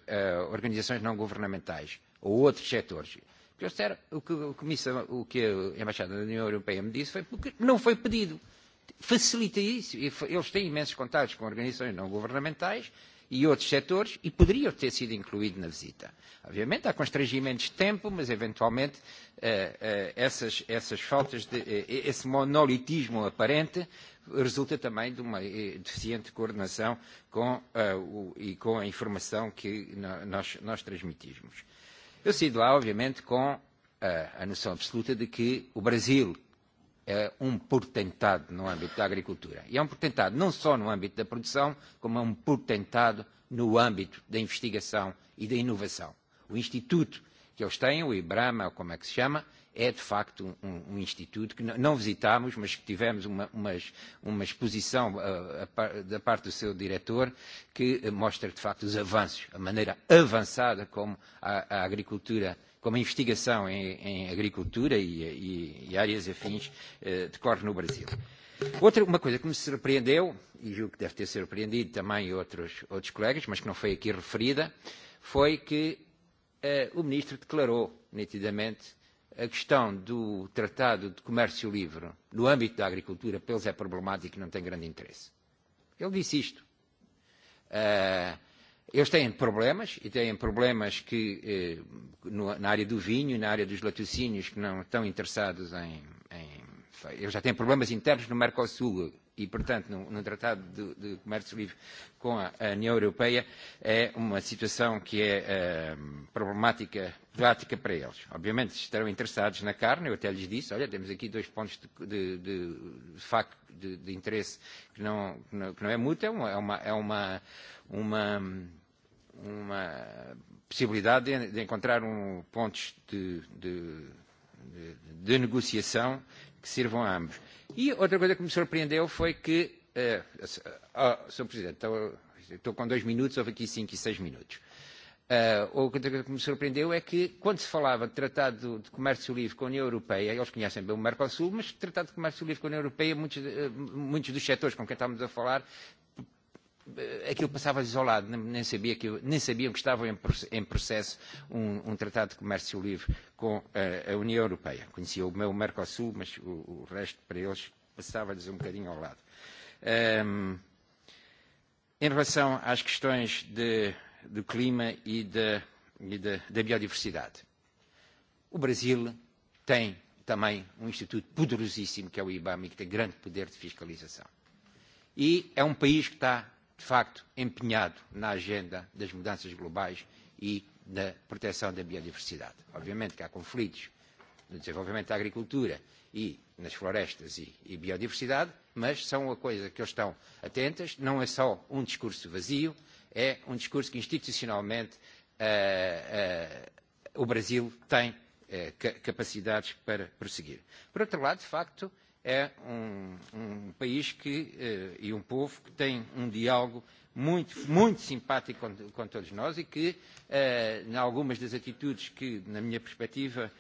organizações não governamentais ou outros setores? Porque eu disseram, o que, o, comissão, o que a Embaixada da União Europeia me disse foi porque não foi pedido. Uh, facilita isso. E eles têm imensos contatos com organizações não governamentais e outros setores e poderiam ter sido incluídos na visita. Obviamente há constrangimentos de tempo, mas eventualmente uh, uh, essas, essas faltas, de, uh, esse monolitismo aparente resulta também de uma deficiente coordenação com, uh, o, e com a informação que no, nós, nós transmitimos. Eu saí de lá, obviamente, com uh, a noção absoluta de que o Brasil é um portentado no âmbito da agricultura. E é um portentado não só no âmbito da produção, como é um portentado no âmbito da investigação e da inovação. O instituto que eles têm, o IBRAMA, ou como é que se chama, é de facto um, um, um instituto que não visitámos, mas que tivemos uma, umas, uma exposição uh, a par, da parte do seu diretor que mostra de facto os avanços, a maneira avançada como a, a agricultura uh, como a investigação em, em agricultura e, e, e áreas afins eh, decorre no Brasil. Outra uma coisa que me surpreendeu, e julgo que deve ter surpreendido também outros, outros colegas, mas que não foi aqui referida, foi que eh, o Ministro declarou nitidamente a questão do Tratado de Comércio Livre no âmbito da agricultura, para eles é problemático e não tem grande interesse. Ele disse isto. Uh, Eles têm problemas, e têm problemas que, eh, no, na área do vinho, e na área dos laticínios, que não estão interessados em, em. Eles já têm problemas internos no Mercosul e, portanto, num, num tratado de, de comércio livre com a, a União Europeia, é uma situação que é eh, problemática prática para eles. Obviamente, estarão interessados na carne, eu até lhes disse, olha, temos aqui dois pontos de, de, de, de facto de, de interesse que não, que não, que não é mútuo, é uma. É uma, é uma uma uma possibilidade de, de encontrar um, pontos de, de, de, de negociação que sirvam a ambos. E outra coisa que me surpreendeu foi que, uh, oh, Sr. Presidente, estou, estou com dois minutos, houve aqui cinco e seis minutos. Uh, outra coisa que me surpreendeu é que, quando se falava de Tratado de Comércio Livre com a União Europeia, eles conhecem bem o Mercosul, mas Tratado de Comércio Livre com a União Europeia, muitos, uh, muitos dos setores com quem estamos a falar aquilo passava isolado, nem, sabia que, nem sabiam que estavam em, em processo um, um tratado de comércio livre com uh, a União Europeia. Conhecia o meu Mercosul, mas o, o resto para eles passava-lhes um bocadinho ao lado. Um, em relação às questões de, do clima e, de, e de, da biodiversidade, o Brasil tem também um instituto poderosíssimo que é o IBAMA e que tem grande poder de fiscalização. E é um país que está de facto, empenhado na agenda das mudanças globais e da proteção da biodiversidade. Obviamente que há conflitos no desenvolvimento da agricultura e nas florestas e, e biodiversidade, mas são uma coisa que eles estão atentas, não é só um discurso vazio, é um discurso que institucionalmente uh, uh, o Brasil tem uh, capacidades para prosseguir. Por outro lado, de facto, uh, é um, um país que, eh, e um povo que tem um diálogo muito, muito simpático com, com todos nós e que, eh, em algumas das atitudes que, na minha perspectiva,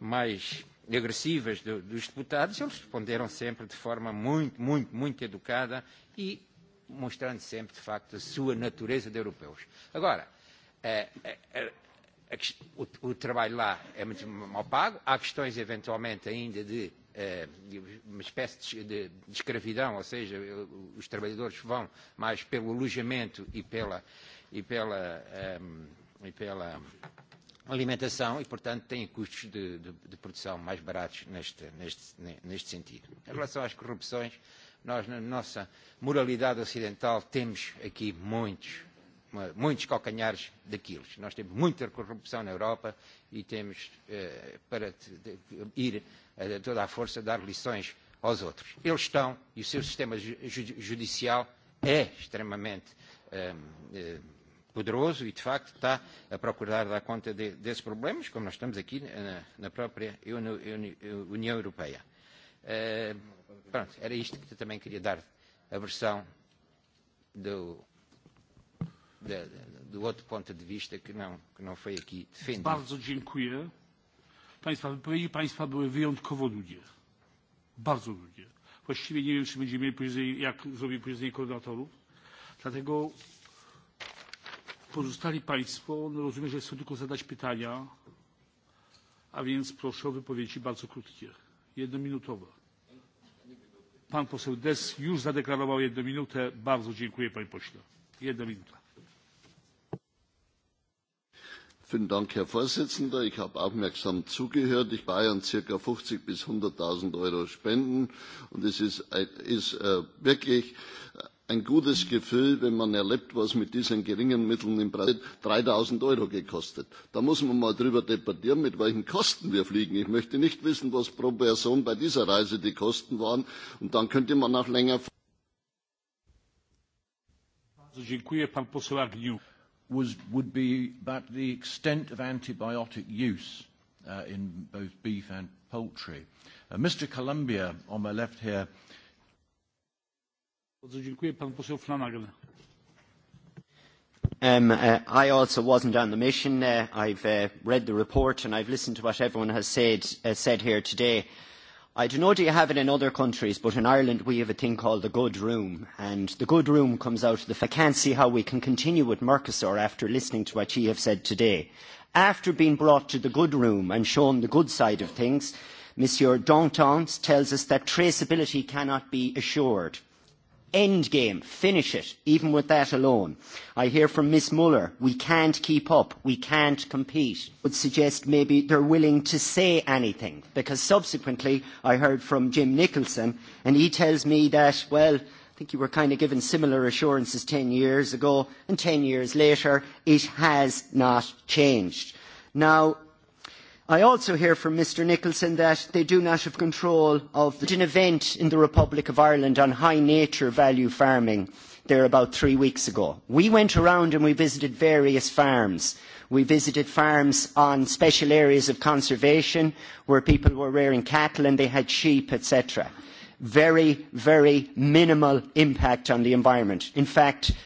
mais agressivas do, dos deputados, eles responderam sempre de forma muito, muito, muito educada e mostrando sempre, de facto, a sua natureza de europeus. Agora, eh, eh, eh a, o, o trabalho lá é muito mal pago, há questões, eventualmente, ainda de eh, uma espécie de, de escravidão, ou seja, os trabalhadores vão mais pelo alojamento e pela, e pela, um, e pela alimentação e, portanto, têm custos de, de, de produção mais baratos neste, neste, neste sentido. Em relação às corrupções, nós, na nossa moralidade ocidental, temos aqui muitos, muitos calcanhares daqueles. Nós temos muita corrupção na Europa e temos, eh, para te, de, ir eh, toda a força dar lições aos outros. Eles estão, e o seu sistema ju judicial é extremamente eh, eh, poderoso e, de facto, está a procurar dar conta de, desses problemas, como nós estamos aqui na, eh, na própria União, União Europeia. Eh, pronto, era isto que eu também queria dar a versão do, da, do outro ponto de vista que não, que não foi aqui defendido. Bardzo dziękuję. Państwa wypowiedzi Państwa były wyjątkowo długie. Bardzo długie. Właściwie nie wiem, czy będziemy mieli posiedzenie, jak zrobię posiedzenie koordynatorów. Dlatego pozostali Państwo, no rozumiem, że chcą tylko zadać pytania, a więc proszę o wypowiedzi bardzo krótkie, jednominutowe. Pan poseł Des już zadeklarował jedną minutę. Bardzo dziękuję, panie pośle. Jedna minuta Vielen Dank, Herr Vorsitzender. Ich habe aufmerksam zugehört. Ich war ja an circa 50 bis 100.000 Euro Spenden und es ist, ist äh, wirklich ein gutes Gefühl, wenn man erlebt, was mit diesen geringen Mitteln im Preis 3000 Euro gekostet. Da muss man mal drüber debattieren, mit welchen Kosten wir fliegen. Ich möchte nicht wissen, was pro Person bei dieser Reise die Kosten waren und dann könnte man auch länger. Dziękuję pan poseł Agniu was, would be about the extent of antibiotic use uh, in both beef and poultry. Uh, Mr. Columbia, on my left here. Um, uh, I also wasn't on the mission. Uh, I've uh, read the report and I've listened to what everyone has said, uh, said here today. Uh, I don't know do you have it in other countries, but in Ireland we have a thing called the good room, and the good room comes out of the. I can't see how we can continue with Mercosur after listening to what you have said today. After being brought to the good room and shown the good side of things, Monsieur Danton tells us that traceability cannot be assured End game. Finish it. Even with that alone. I hear from Miss Muller, we can't keep up. We can't compete. Would suggest maybe they're willing to say anything. Because subsequently, I heard from Jim Nicholson, and he tells me that, well, I think you were kind of given similar assurances 10 years ago, and 10 years later, it has not changed. Now, I also hear from Mr Nicholson that they do not have control of the, an event in the Republic of Ireland on high nature value farming there about three weeks ago. We went around and we visited various farms. We visited farms on special areas of conservation where people were rearing cattle and they had sheep, etc. Very, very minimal impact on the environment. In fact,